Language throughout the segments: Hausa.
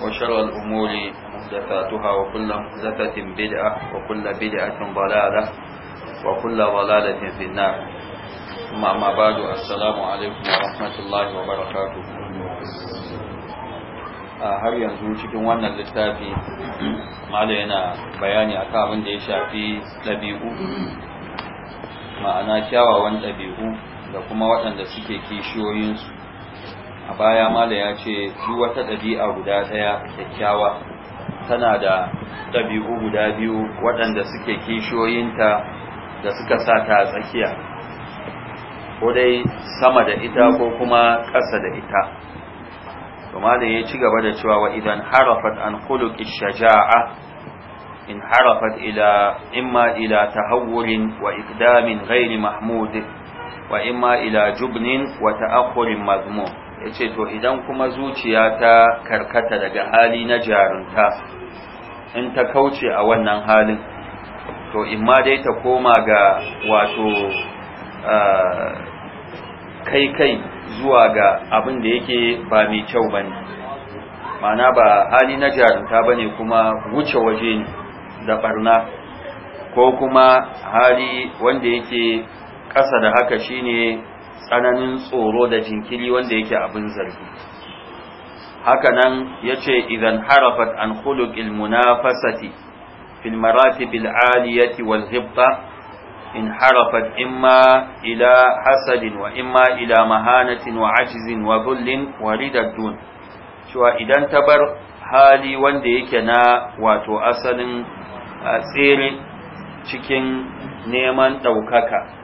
وشر الأمور مهدفاتها وكل مهدفة بدعة وكل بدعة ضلالة وكل ضلالة في النار ثم أما بعد السلام عليكم ورحمة الله وبركاته har yanzu cikin wannan littafi mala yana bayani a abin da ya shafi ɗabi'u ma'ana kyawawan ɗabi'u da kuma waɗanda suke kishiyoyinsu a baya mala ya ce shi wata ɗabi'a guda ɗaya kyakkyawa tana da ɗabi'u guda biyu waɗanda suke kishiyoyinta da suka sa ta tsakiya ko dai sama da ita ko kuma ƙasa da ita kuma da ya ci gaba da cewa wa idan harafat an kuluk shaja'a in harafat ila imma ila tahawwurin wa ikdamin ghairi mahmud wa imma ila jubnin wa ta'akhurin mazmum Ya ce to idan kuma zuciya ta karkata daga hali na jarunta in ta kauce a wannan halin to imma dai ta koma ga wato kai kai zuwa ga abin da yake ba mai kyau ba ne, mana ba hali na jarunta ne kuma wuce waje ne da barna ko kuma hali wanda yake ƙasa da haka shine tsananin tsoro da jinkiri wanda yake abin zargi hakanan ce idan harafat an khuluqil munafasati fil maratib al aliyati wal hibta in harafat imma ila hasadin wa imma ila mahanatin wa ajzin wa dhullin wa ridaddun cewa idan ta bar hali wanda yake na wato asalin tsere cikin neman ɗaukaka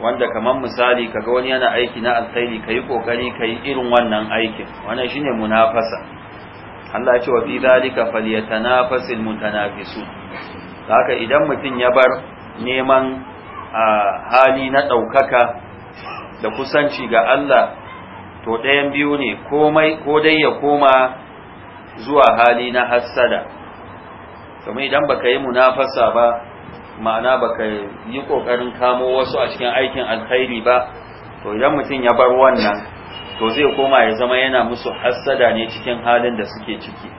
wanda kamar misali kaga wani yana aiki na alkhairi kai kokari kai irin wannan aikin wannan shine munafasa Allah ya ce wa fi dalika falyatanafasil mutanafisu haka idan mutum ya bar neman hali na daukaka da kusanci ga Allah to ɗayan biyu ne komai ko dai ya koma zuwa hali na hassada kuma idan baka yi munafasa ba ma'ana ba ka yi kokarin kamo wasu a cikin aikin alkhairi ba to idan mutum ya bar wannan to zai koma ya zama yana musu hassada ne cikin halin da suke ciki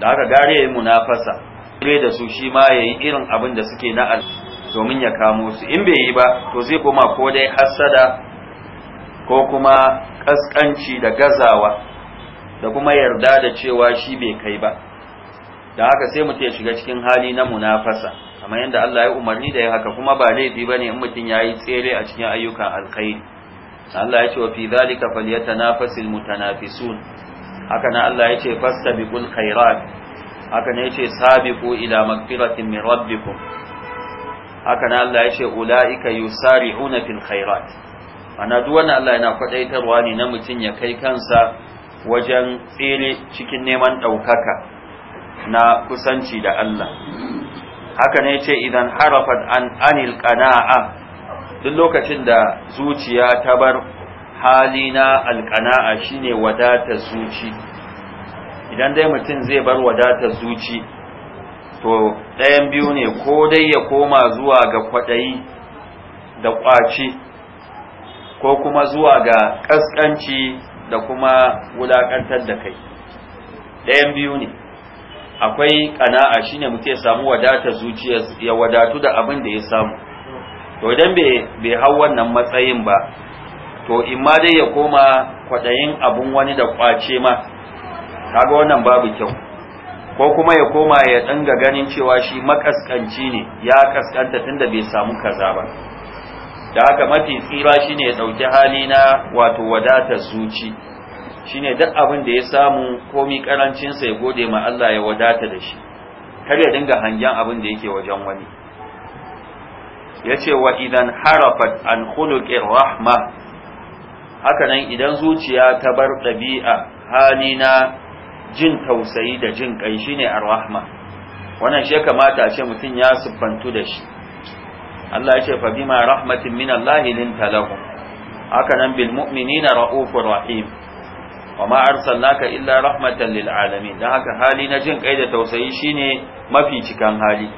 da haka gare ya yi munafasa ire da su shi ma ya yi irin abin da suke na al domin ya kamo su in bai yi ba to zai koma ko dai hassada ko kuma ƙasƙanci da gazawa da kuma yarda da cewa shi bai kai ba da haka sai mutum ya shiga cikin hali na munafasa kamar yadda Allah ya umarni da ya haka kuma ba laifi bane in mutum yi tsere a cikin ayyukan alkhairi Allah ya ce wa fi zalika falyatanafasul mutanafisun haka na Allah ya ce fastabiqul khairat haka ne ya ce sabiqu ila magfiratin min rabbikum haka na Allah ya ce ulaika yusari'una fil khairat ana duk wannan Allah yana kwadaitarwa ne na mutum ya kai kansa wajen tsere cikin neman daukaka na kusanci da Allah haka ne ce idan harafat an anil qana'a duk lokacin da zuciya ta bar hali na alqana'a shine wadatar zuci idan dai mutum zai bar wadatar zuci to ɗayan biyu ne ko dai ya koma zuwa ga kwaɗayi da ƙwaci ko kuma zuwa ga ƙasƙanci da kuma wulaƙantar da kai ɗayan biyu ne akwai kana'a shine mutum ya samu wadata zuciya ya wadatu da abin da ya samu to idan bai hau wannan matsayin ba to imma dai ya koma kwaɗayin abun wani da kwace ma kaga wannan babu kyau ko kuma ya koma ya ɗanga ganin cewa shi makaskanci ne ya kaskanta tunda bai samu kaza ba da haka mafi tsira shine ya ɗauki hali na wato wadatar zuci shine duk abin da ya samu komi karancin ya gode ma Allah ya wadata da shi kar ya dinga hangen abin da yake wajen wani yace wa idan harafat an khuluqir rahma haka nan idan zuciya ta bar dabi'a hali na jin tausayi da jin kai shine a rahma wannan shi kamata a ce mutum ya siffantu da shi Allah ya ce fa bima rahmatin min Allah linta talahu haka nan bil mu'minina ra'ufur rahim wa ma arsalnaka illa rahmatan lil alamin dan haka hali na jin kai da tausayi shine mafi cikan hali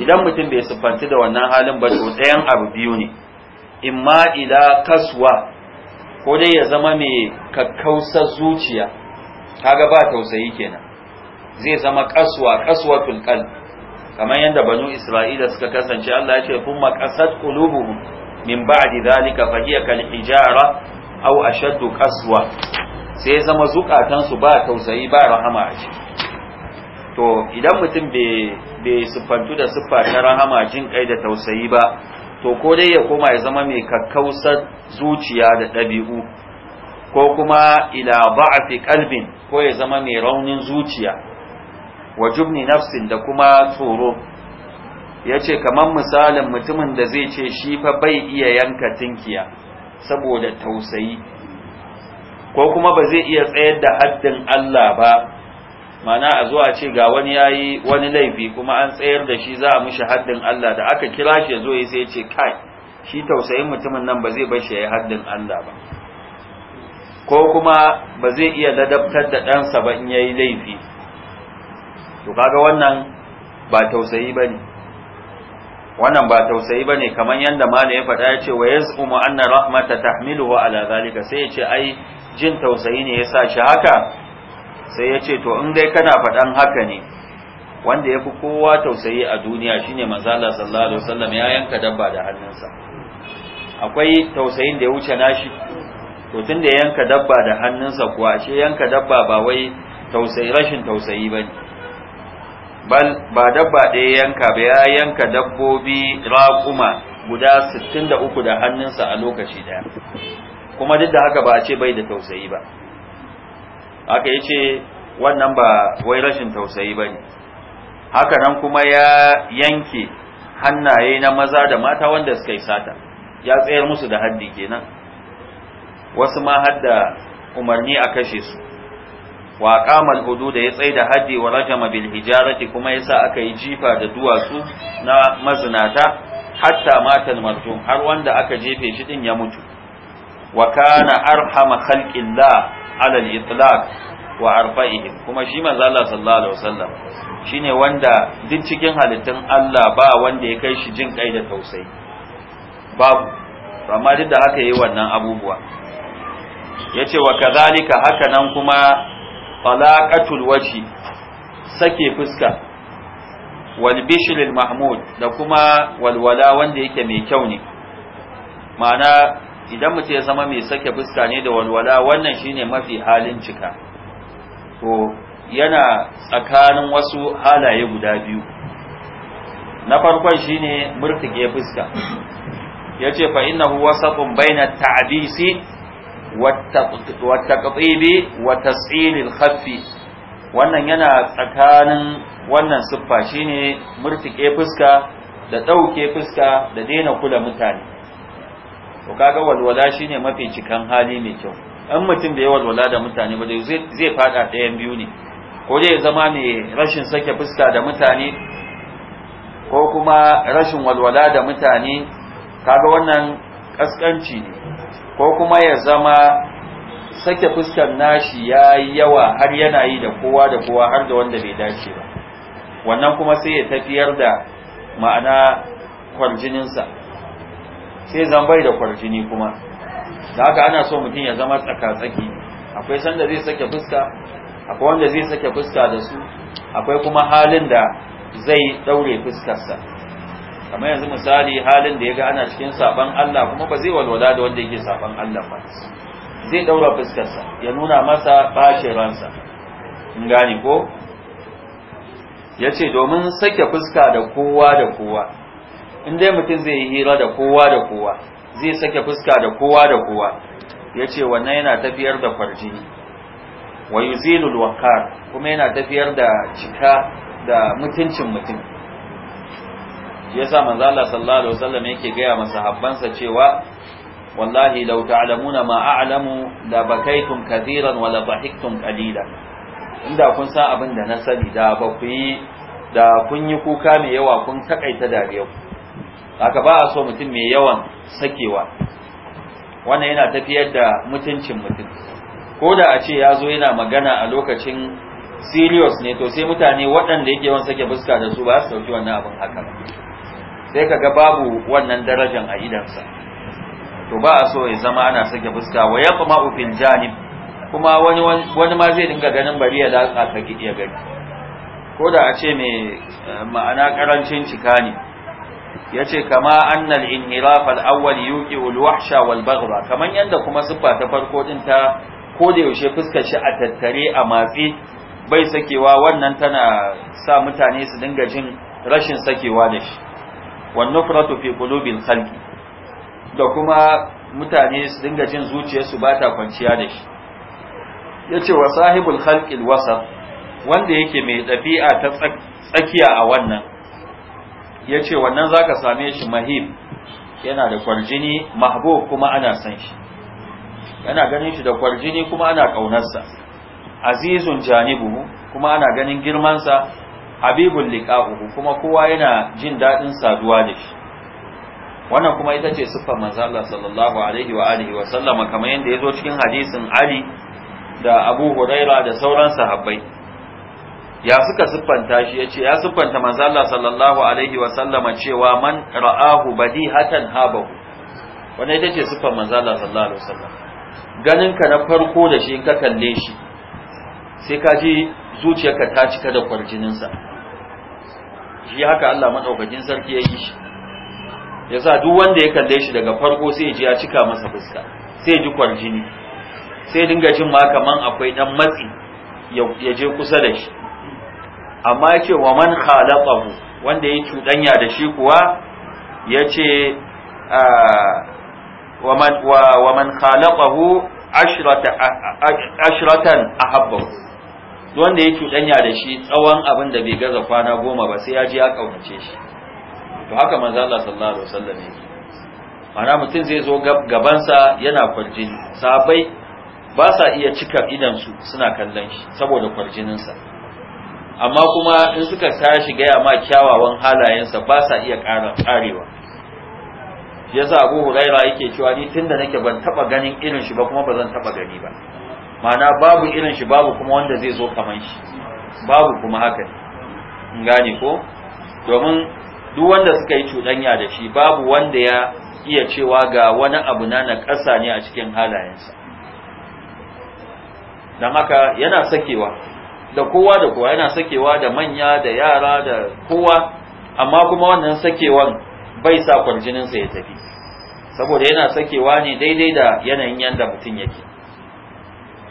idan mutum bai siffanci da wannan halin ba to ɗayan abu biyu ne imma ila kaswa ko dai ya zama mai kakkausar zuciya kaga ba tausayi kenan zai zama kaswa kaswatul qalb kamar yadda banu isra'ila suka kasance Allah ya ce kuma kasat qulubuhum min ba'di dhalika fa hiya kal hijara aw ashaddu ƙaswa. sai ya zama zukatansu ba tausayi ba rahama a ciki to idan mutum bai siffantu da siffa ta rahama jin kai da tausayi ba to ko dai ya koma ya zama mai kakkausar zuciya da ɗabi'u ko kuma ila ba'afi kalbin ko ya zama mai raunin zuciya wa jubni nafsin da kuma tsoro ya ce kamar misalin mutumin da zai ce shi fa bai iya yanka tinkiya saboda tausayi ko kuma ba zai iya tsayar da haddin Allah ba mana a zuwa ce ga wani yayi wani laifi kuma an tsayar da shi za a mishi haddin Allah da aka kira shi zo ya sai ce kai shi tausayin mutumin nan ba zai bar shi yayi haddin Allah ba ko kuma ba zai iya ladabtar da ɗansa ba in yayi laifi to kaga wannan ba tausayi bane wannan ba tausayi bane kamar yanda malam ya faɗa ya ce wa yazqumu anna rahmata tahmiluhu ala zalika sai yace ai jin tausayi ne yasa shi haka sai yace to in dai kana faɗan haka ne wanda yafi kowa tausayi a duniya shine manzo Allah sallallahu alaihi wasallam ya yanka dabba da hannunsa akwai tausayin da ya wuce nashi to tunda ya yanka dabba da hannunsa kuwa shi yanka dabba ba wai tausayi rashin tausayi bane bal ba dabba ɗaya yanka ba ya yanka dabbobi raƙuma guda sittin da uku da hannunsa a lokaci ɗaya kuma duk da haka ba a ce bai da tausayi ba aka ya ce wannan ba wai rashin tausayi ba ne haka nan kuma ya yanke hannaye na maza da mata wanda suka yi sata ya tsayar musu da haddi kenan wasu ma hadda umarni a kashe su wa qamal da ya tsaida da haddi wa rajama bil hijarati kuma yasa aka yi jifa da duwatsu na mazinata hatta matan marjum har wanda aka jefe shi din ya mutu wa kana arhama khalqillah ala al itlaq wa arfa'ihim kuma shi manzo Allah sallallahu alaihi wasallam shine wanda duk cikin halittun Allah ba wanda ya kai shi jin kai da tausayi babu amma duk da haka yayi wannan abubuwa yace wa kadhalika haka nan kuma talaqatul waji sake fuska wal mahmud da kuma walwala wanda yake mai kyau ne ma'ana idan mutum ya zama mai sake fuska ne da walwala wannan shine mafi halin cika to yana tsakanin wasu halaye guda biyu na farkon shine murtike fuska yace fa innahu wasatun baina ta'abisi. والتقطيب wa الخف wannan yana tsakanin wannan siffa shine murtike fuska da dauke fuska da daina kula mutane to kaga walwala shine mafi cikan hali mai kyau in mutum da ya walwala da mutane ba zai fada ɗayan biyu ne ko dai zama mai rashin sake fuska da mutane ko kuma rashin walwala da mutane kaga wannan kaskanci ne ko kuma ya zama sake fuskar nashi ya yi yawa har yana yi da kowa da kowa har da wanda bai dace ba wannan kuma sai ya tafiyar da ma'ana kwarjininsa sai zambai da kwarjini kuma da haka ana so mutum ya zama tsaka-tsaki akwai sanda zai sake fuska akwai wanda zai sake fuska da su akwai kuma halin da zai ɗaure fuskarsa kamar yanzu misali halin da ya ga ana cikin saban Allah kuma ba zai walwala da wanda yake saban Allah ba zai daura fuskarsa ya nuna masa bashin ransa in gane ko ya ce domin sake fuska da kowa da kowa in dai mutum zai yi hira da kowa da kowa zai sake fuska da kowa da kowa ya ce wannan yana tafiyar da farjini wa yuzilul wakar kuma yana tafiyar da cika da mutuncin mutum shi yasa manzo Allah sallallahu alaihi wasallam yake gaya masa habbansa cewa wallahi law ta'lamuna ma a'lamu la bakaytum kathiran wa la dhahiktum qalila inda kun san abin da na sani da ba ku yi da kun yi kuka mai yawa kun takaita dariyar haka ba a so mutum mai yawan sakewa wannan yana tafiyar da mutuncin mutum ko da a ce ya zo yana magana a lokacin serious ne to sai mutane waɗanda yake yawan sake fuska da su ba su ɗauki wannan abin haka sai kaga babu wannan darajan a idansa to ba a so ya zama ana sake fuska wa yaqma ufin janib kuma wani ma zai dinga ganin bari ya latsa ka ya gani ko da a ce mai ma'ana karancin cika ne yace kama annal inhiraf al awwal yuqi al wahsha wal baghra kaman yanda kuma siffa ta farko din ta ko da yaushe fuskar shi a tattare a matsi bai sakewa wannan tana sa mutane su dinga jin rashin sakewa da shi wan nufratu fi qulubil khalqi da kuma mutane su dinga jin zuciyarsu ba ta kwanciya da shi yace wa sahibul khalqil wasat wanda yake mai dabi'a ta tsakiya a wannan yace wannan zaka same shi mahib yana da kwarjini mahbub kuma ana san shi yana ganin shi da kwarjini kuma ana ƙaunarsa. azizun janibuhu kuma ana ganin girmansa habibul liqa'uhu kuma kowa yana jin dadin saduwa da shi wannan kuma ita ce siffar manzo Allah sallallahu alaihi wa alihi wa sallama kamar yadda yazo cikin hadisin Ali da Abu Hurairah da sauran sahabbai ya suka siffanta shi yace ya siffanta manzo Allah sallallahu alaihi wa sallama cewa man ra'ahu badihatan habahu wannan ita ce siffar manzo Allah sallallahu alaihi wa sallam ganin ka na farko da shi in ka kalle shi sai ka ji zuciyarka ta cika da kwarjininsa shi haka Allah madaukakin sarki ya yi shi yasa duk wanda ya kalle shi daga farko sai ya ji ya cika masa fuska sai ya ji kwarjini sai dinga jin ma kaman akwai dan matsi ya je kusa da shi amma ya ce wa man khalaqahu wanda ya cuɗanya da shi kuwa ya ce ah, wa man khalaqahu ashratan ahabbahu wanda ya cuɗanya da shi tsawon abin da bai gaza kwana goma ba sai ya ji ya kaunace shi to haka manzo Allah sallallahu alaihi wasallam yake ana mutum zai zo gabansa yana kwarjin sabai ba sa iya cika su suna kallon shi saboda sa amma kuma in suka tashi gaya ma kyawawan halayensa ba sa iya karewa yasa abu Hurairah yake cewa ni tunda nake ban taba ganin irin shi ba kuma ba zan taba gani ba ma'ana babu irin shi babu kuma wanda zai zo kaman shi babu kuma haka in gane ko domin duk wanda suka yi cuɗanya da shi babu wanda ya iya cewa ga wani abu na na ƙasa ne a cikin halayensa don haka yana sakewa da kowa da kowa yana sakewa da manya da yara da kowa amma kuma wannan sakewan bai sa kwarjininsa ya tafi saboda yana sakewa ne daidai da yanayin yadda mutum yake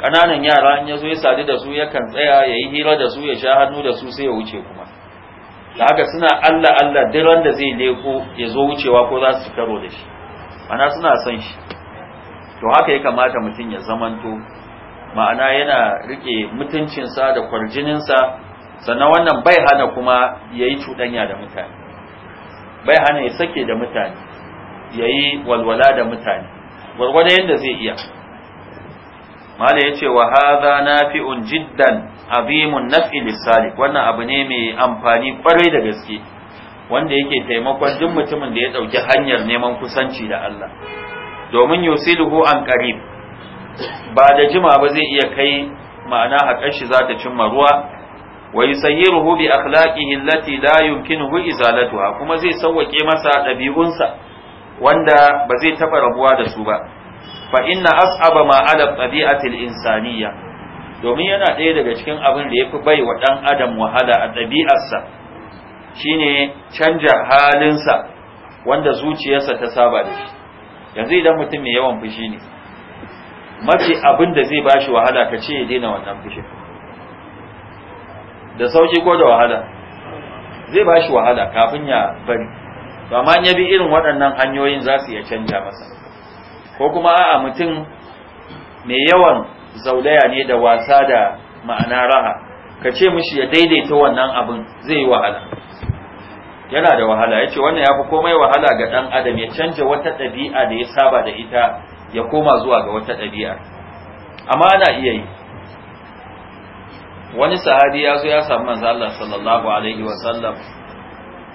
Kananan yara in ya zo ya sadu da su yakan tsaya ya yi hira da su ya sha hannu da su sai ya wuce kuma da haka suna allah allah duk wanda zai leko ya zo wucewa ko za su karo da shi ana suna son shi to haka ya kamata mutum ya zamanto ma'ana yana rike mutuncinsa da kwarjininsa sannan wannan bai hana kuma ya yi cuɗanya da mutane bai hana ya sake da mutane ya yi walwala da mutane gwargwada yadda zai iya mala yace wa hadha nafi'un jiddan azimun naf'i lisalik wannan abu ne mai amfani kwarai da gaske wanda yake taimakon duk mutumin da ya dauki hanyar neman kusanci da Allah domin yusiluhu an qarib ba da jima ba zai iya kai ma'ana haƙar shi za ta cimma ruwa wa yusayyiruhu bi akhlaqihi allati la yumkinuhu izalatuha kuma zai sauwake masa ɗabi'unsa wanda ba zai taɓa rabuwa da su ba fa inna as'aba ma ala tabi'atil domin yana ɗaya daga cikin abin da yafi bai wa dan adam wahala a ɗabi'arsa shine canja halinsa wanda zuciyarsa ta saba da shi yanzu idan mutum mai yawan fushi ne mafi abin da zai ba shi wahala ka ce ya daina wannan fushin da sauki ko da wahala zai ba shi wahala kafin ya bari to amma ya bi irin waɗannan hanyoyin za su iya canja masa ko kuma a'a mutum mai yawan zaulaya ne da wasa da ma'ana raha ka ce mishi ya daidaita wannan abin zai yi wahala yana da wahala ya ce wannan ya fi komai wahala ga ɗan adam ya canja wata ɗabi'a da ya saba da ita ya koma zuwa ga wata ɗabi'a amma ana iya yi wani sahabi ya zo ya samu manzo Allah sallallahu alaihi wa sallam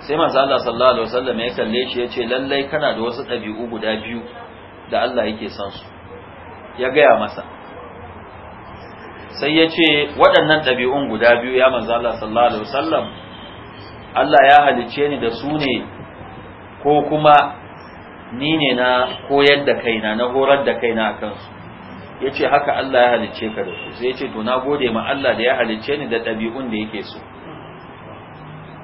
sai manzo Allah sallallahu alaihi wa sallam ya kalle shi ya ce lallai kana da wasu ɗabi'u guda biyu da Allah yake son su ya gaya masa sai ya ce waɗannan ɗabi'un guda biyu ya manzo Allah sallallahu alaihi wasallam Allah ya halicce ni da su ne ko kuma ni ne na koyar da kaina na horar da kaina akan su. ya ce haka Allah ya halicce ka da su sai ya ce to na gode ma Allah da ya halicce ni da ɗabi'un da yake so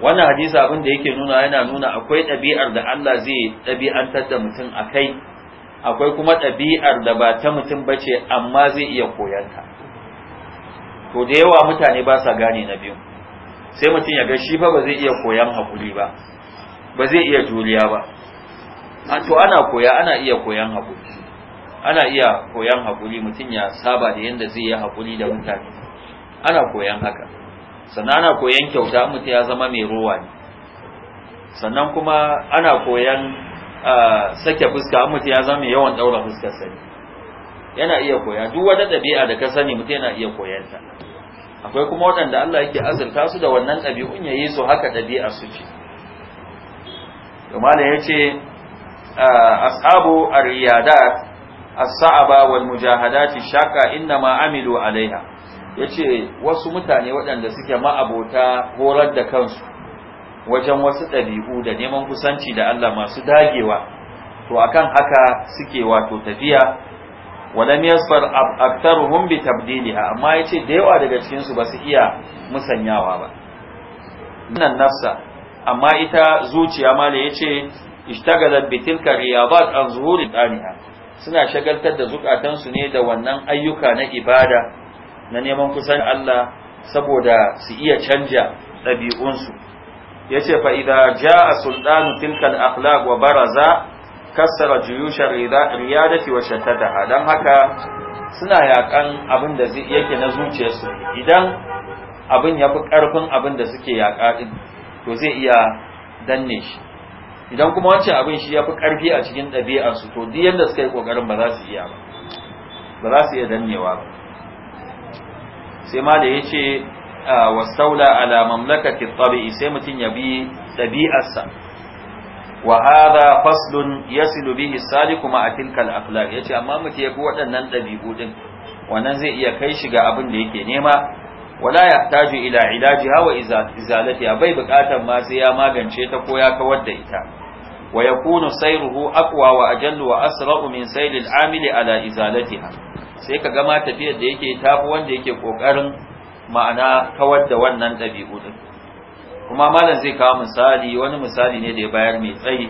wannan hadisi abin da yake nuna yana nuna akwai ɗabi'ar da Allah zai ɗabi'antar da mutum a kai akwai kuma ɗabi'ar da ba ta mutum ba ce amma zai iya ta. to da yawa mutane ba sa gane na biyu sai mutum ya ga shi fa ba zai iya koyan haƙuri ba ba zai iya juriya ba to ana koya ana iya koyan haƙuri ana iya koyan haƙuri mutum ya saba da yadda zai yi haƙuri da mutane ana koyan haka sannan ana koyan kyauta mutum ya zama mai rowa ne sannan kuma ana koyan sake fuska mutum ya zama yawan daura fuskar sani yana iya koya duk wata ɗabi'a da ka sani mutum yana iya koyanta akwai kuma waɗanda Allah yake azurta su da wannan ɗabi'un ya yi su haka ɗabi'a su ce domin ya ce ashabu ar-riyadat as-sa'aba wal mujahadati shaka inna ma amilu alaiha yace wasu mutane waɗanda suke ma abota horar da kansu wajen wasu ɗabi'u da neman kusanci da Allah masu dagewa to akan haka suke wato tafiya walam yasfar aktaruhum bi tabdiliha amma yace da yawa daga cikin su ba su iya musanyawa ba nan nafsa amma ita zuciya ma da yace ishtagalat bi tilka riyadat an zuhuri daniha suna shagaltar da zukatan su ne da wannan ayyuka na ibada na neman kusan Allah saboda su iya canja ɗabi'unsu yace fa idza jaa sultanu Tilkal al akhlaq wa baraza kassara juyushar riyadati wa shattataha dan haka suna yakan abin da yake na zuciyarsu idan abin ya fi karfin abin da suke yaka din to zai iya danne shi idan kuma wancan abin shi ya fi karfi a cikin ɗabi'arsu to duk yadda suka yi kokarin ba za su iya ba ba za su iya dannewa ba sai ma da ya ce wasaula ala mamlakati tabi'i sai mutum ya bi ɗabi'arsa wa hadha faslun yasilu bihi kuma a tilkal akhlaq yace amma mutum ya bi waɗannan ɗabi'u din wannan zai iya kai shi ga abin da yake nema wala yahtaju ila ilajiha wa izalatiha bai buƙatar ma sai ya magance ta ko ya kawar da ita wa yakunu sayruhu aqwa wa ajallu wa asra'u min sayri amili ala izalatiha sai ka ga ma tafiyar da yake tafi wanda yake kokarin ma'ana kawar da wannan ɗabi'u ɗin kuma malam zai kawo misali wani misali ne da ya bayar mai tsayi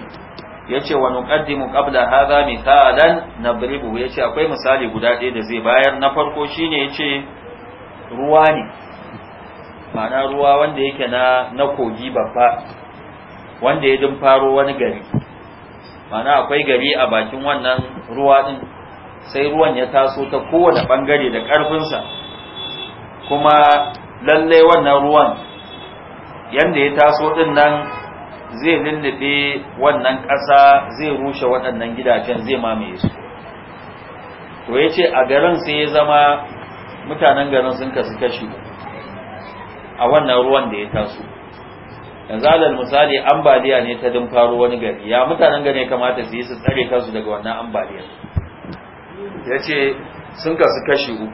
ya ce wani wa haza mai hadha na biribu ya ce akwai misali guda ɗaya da zai bayar na farko Shi ne ya ce ruwa ne ma'ana ruwa wanda yake na na kogi babba wanda ya faro wani gari ma'ana akwai gari a bakin wannan ruwa ɗin sai ruwan ya taso ta kowane ɓangare da ƙarfinsa kuma lalle wannan ruwan yanda ya taso din nan zai lullube wannan ƙasa zai rushe waɗannan gidajen zai mamaye su to ya ce a garin sai ya zama mutanen garin sun kasu kashi a wannan ruwan da ya taso yanzu alal misali ambaliya ne ta dun faro wani gari ya mutanen gari ya kamata su yi su tsare kansu daga wannan ambaliyar ya ce sun kasu kashi uku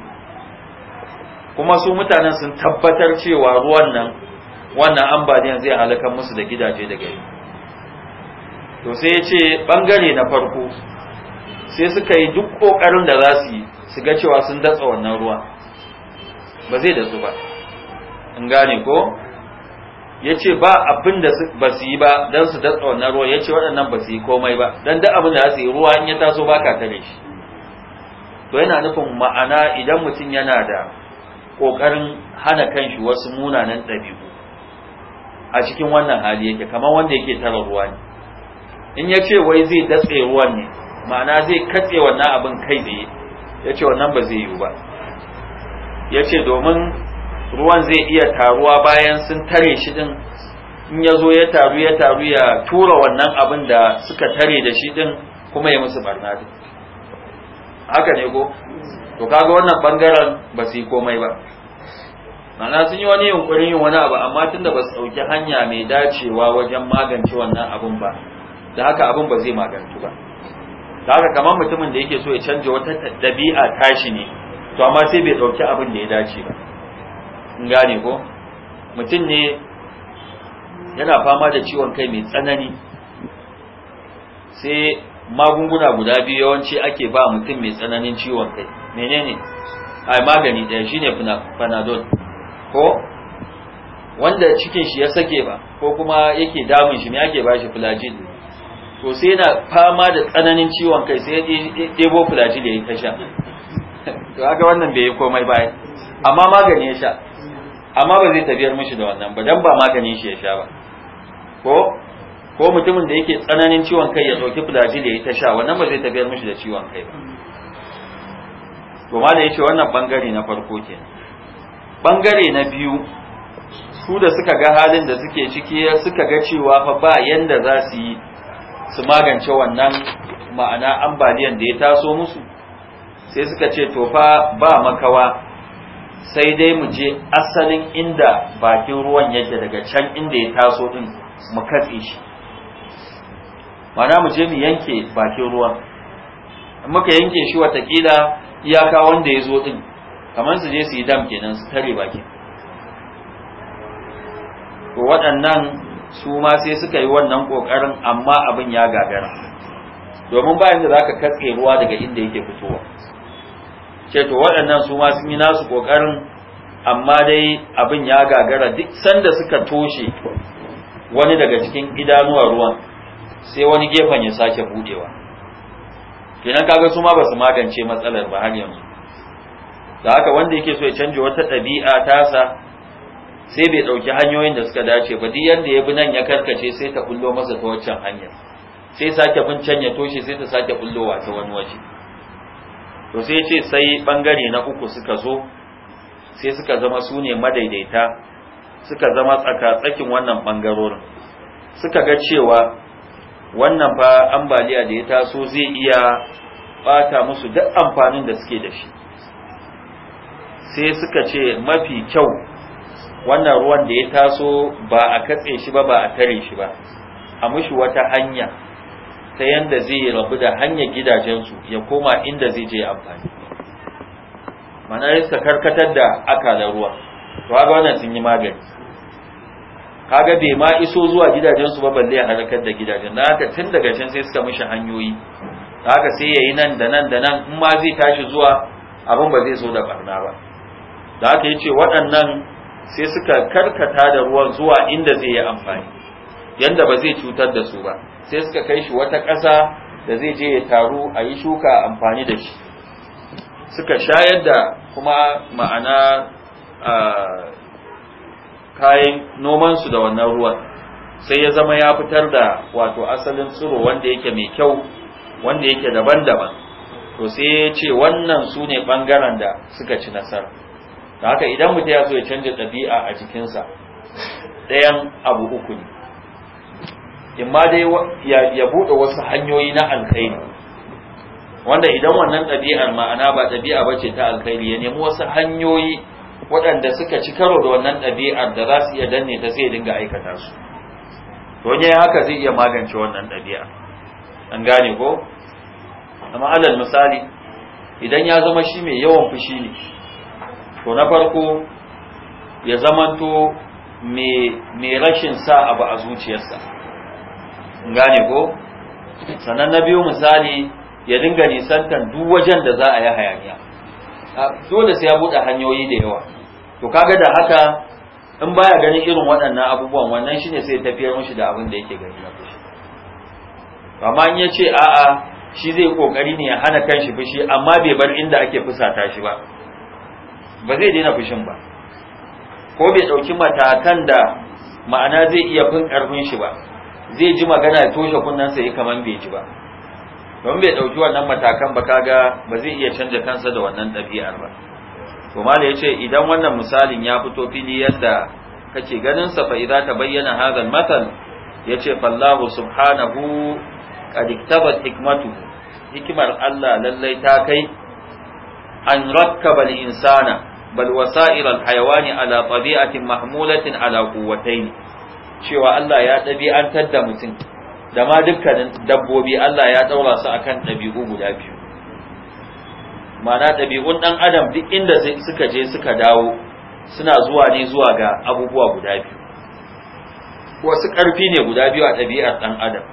kuma su mutanen sun tabbatar cewa ruwan nan wannan ambaliyan zai halaka musu da gidaje da gari to sai ya ce bangare na farko sai suka yi duk kokarin da za su yi su ga cewa sun datsa wannan ruwa ba zai datsu ba in gane ko ya ce ba abin da ba su yi ba don su datsa wannan ruwa ya ce waɗannan ba su yi komai ba don da abin da za su yi ruwa in ya taso ba ka tare shi to yana nufin ma'ana idan mutum yana da Kokarin hana kanshi wasu munanan ɗabi'u a cikin wannan hali yake kamar wanda yake tara ruwa ne in ya ce wai zai datse ruwan ne ma'ana zai katse wannan abin kai tsaye ya ce wannan ba zai yiwu ba ya ce domin ruwan zai iya taruwa bayan sun tare shi din in ya zo ya taru ya taru ya tura wannan abin da suka tare da shi din kuma ya musu barna haka ne ko to kaga wannan bangaren ba su yi komai ba ma'ana sun yi wani yunkurin yin wani abu amma tunda ba su ɗauki hanya mai dacewa wajen magance wannan abun ba da haka abun ba zai magantu ba da haka kamar mutumin da yake so ya canja wata ɗabi'a tashi ne to amma sai bai ɗauki abin da ya dace ba in gane ko mutum ne yana fama da ciwon kai mai tsanani sai magunguna guda biyu yawanci ake ba mutum mai tsananin ciwon kai menene ai magani ɗaya shine panadol ko wanda cikin shi ya sake ba ko kuma yake damun shi me ake ba shi flagyl to sai yana fama da tsananin ciwon kai sai ya ɗebo flagyl ya yi ta sha to haka wannan bai yi komai ba amma magani ya sha amma ba zai tafiyar mishi da wannan ba dan ba maganin shi ya sha ba ko ko mutumin da yake tsananin ciwon kai ya ɗauki Fulajil ya ya ta sha wannan ba zai tafiyar mishi da ciwon kai ba to ma da yace wannan bangare na farko kenan bangare na biyu su da suka ga halin da suke ciki suka ga cewa fa ba yanda za su yi su magance wannan ma'ana ambaliyan da ya taso musu sai suka ce to fa ba makawa sai dai mu je asalin inda bakin ruwan yake daga can inda ya taso din mu katse shi mana mu je mu yanke bakin ruwan in muka yanke shi watakila iyaka wanda ya zo din kamar su je su yi dam kenan su tare bakin to waɗannan su ma sai suka yi wannan ƙoƙarin amma abin ya gagara domin bayan da za ka katse ruwa daga inda yake fitowa ce to waɗannan su ma sun yi nasu ƙoƙarin amma dai abin ya gagara duk sanda suka toshe wani daga cikin idanuwa ruwan sai wani gefen ya sake budewa kenan kaga su ma basu magance matsalar ba har yanzu da haka wanda yake so ya canje wata ɗabi'a tasa sai bai ɗauki hanyoyin da suka dace ba duk yadda ya bi nan ya karkace sai ta kullo masa ta waccan hanyar sai sake bin can ya toshe sai ta sake kullowa ta wani waje to sai ce sai bangare na uku suka zo sai suka zama su ne madaidaita suka zama tsaka tsakin wannan bangarorin suka ga cewa wannan fa ambaliya da ya taso zai iya bata musu duk amfanin da suke da shi sai suka ce mafi kyau wannan ruwan da ya taso ba a katse shi ba ba a tare shi ba a mushi wata hanya ta yanda zai rabu da hanyar gidajensu ya koma inda zai je amfani mana yi karkatar da aka da ruwa to ga wannan sun yi magani kaga bai ma iso zuwa gidajen su ba balle ya halakar da gidajen Na haka tun daga can sai suka mishi hanyoyi haka sai yayi nan da nan da nan in ma zai tashi zuwa abin ba zai zo da barna ba da haka yace waɗannan sai suka karkata da ruwan zuwa inda zai yi amfani yanda ba zai cutar da su ba sai suka kai shi wata ƙasa da zai je ya taru a yi shuka amfani da shi suka shayar da kuma ma'ana ah, kayan nomansu da wannan ruwan sai ya zama ya fitar da wato asalin tsiro wanda yake mai kyau wanda yake daban-daban to sai ya ce wannan su ne ɓangaren da suka ci nasara da haka idan mutum ya zo ya canja ɗabi'a a jikinsa ɗayan abu uku ne in ma dai ya buɗe wasu hanyoyi na alkhairi wanda idan wannan ɗabi'ar ma'ana ba ɗabi'a ba ce ta alkhairi ya nemi wasu hanyoyi waɗanda suka ci karo da wannan ɗabi'ar da za su iya danne ta sai dinga aikata su to ne haka zai iya magance wannan ɗabi'a an gane ko amma alal misali idan ya zama shi mai yawan fushi ne to na farko ya zamanto mai rashin sa abu a zuciyarsa an gane ko sannan na biyu misali ya dinga nisantan duk wajen da za a yi hayaniya dole sai ya buɗe hanyoyi da yawa to kaga da haka in baya ganin irin waɗannan abubuwan wannan shine sai tafiyar mushi da abin da yake gani na fushi amma in ya ce a'a shi zai kokari ne ya hana kanshi fushi amma bai bar inda ake fusata shi ba ba zai daina fushin ba ko bai ɗauki matakan da ma'ana zai iya fin ƙarfin shi ba zai ji magana ya toshe kunnensa ya kaman bai ji ba don bai ɗauki wannan matakan ba kaga ba zai iya canza kansa da wannan ɗabi'ar ba to ya ce, idan wannan misalin ya fito fili yadda kace ganin sa fa idza tabayyana hadha al-mathal yace fallahu subhanahu qad iktabat hikmatu hikimar Allah lallai ta kai an rakkaba al-insana bal wasa'ir al-hayawani ala tabi'atin mahmulatin ala quwwatayn cewa Allah ya dabi'antar da mutum da ma dukkanin dabbobi Allah ya daura su akan dabi'u guda biyu ma'ana ɗabi'un ɗan adam duk inda suka je suka dawo suna zuwa ne zuwa ga abubuwa guda biyu wasu ƙarfi ne guda biyu a ɗabi'ar ɗan adam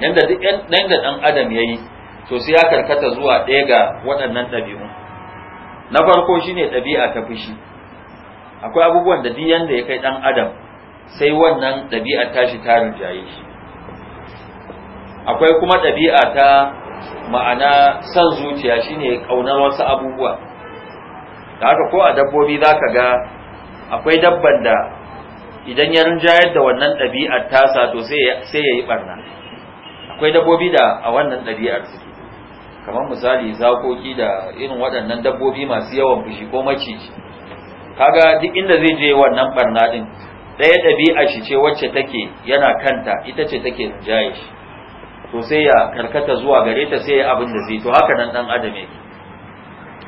yadda duk yadda ɗan adam ya yi to sai ya karkata zuwa ɗaya ga waɗannan ɗabi'un na farko shine ɗabi'a ta fushi akwai abubuwan da duk yadda ya kai ɗan adam sai wannan ɗabi'ar tashi ta rinjaye shi akwai kuma ɗabi'a ta ma'ana san zuciya shine kaunar wasu abubuwa da haka ko a dabbobi za ka ga akwai dabban da idan ya rinjayar da wannan ɗabi'ar tasa to sai ya yi ɓarna akwai dabbobi da a wannan ɗabi'ar suke kamar misali zakoki da irin waɗannan dabbobi masu yawan fushi ko maciji kaga duk inda zai je wannan ɓarna ɗin ɗaya ɗabi'ar shi ce wacce take yana kanta ita ce take rinjaye shi to sai ya karkata zuwa gare ta sai ya abin da zai to haka nan dan adam yake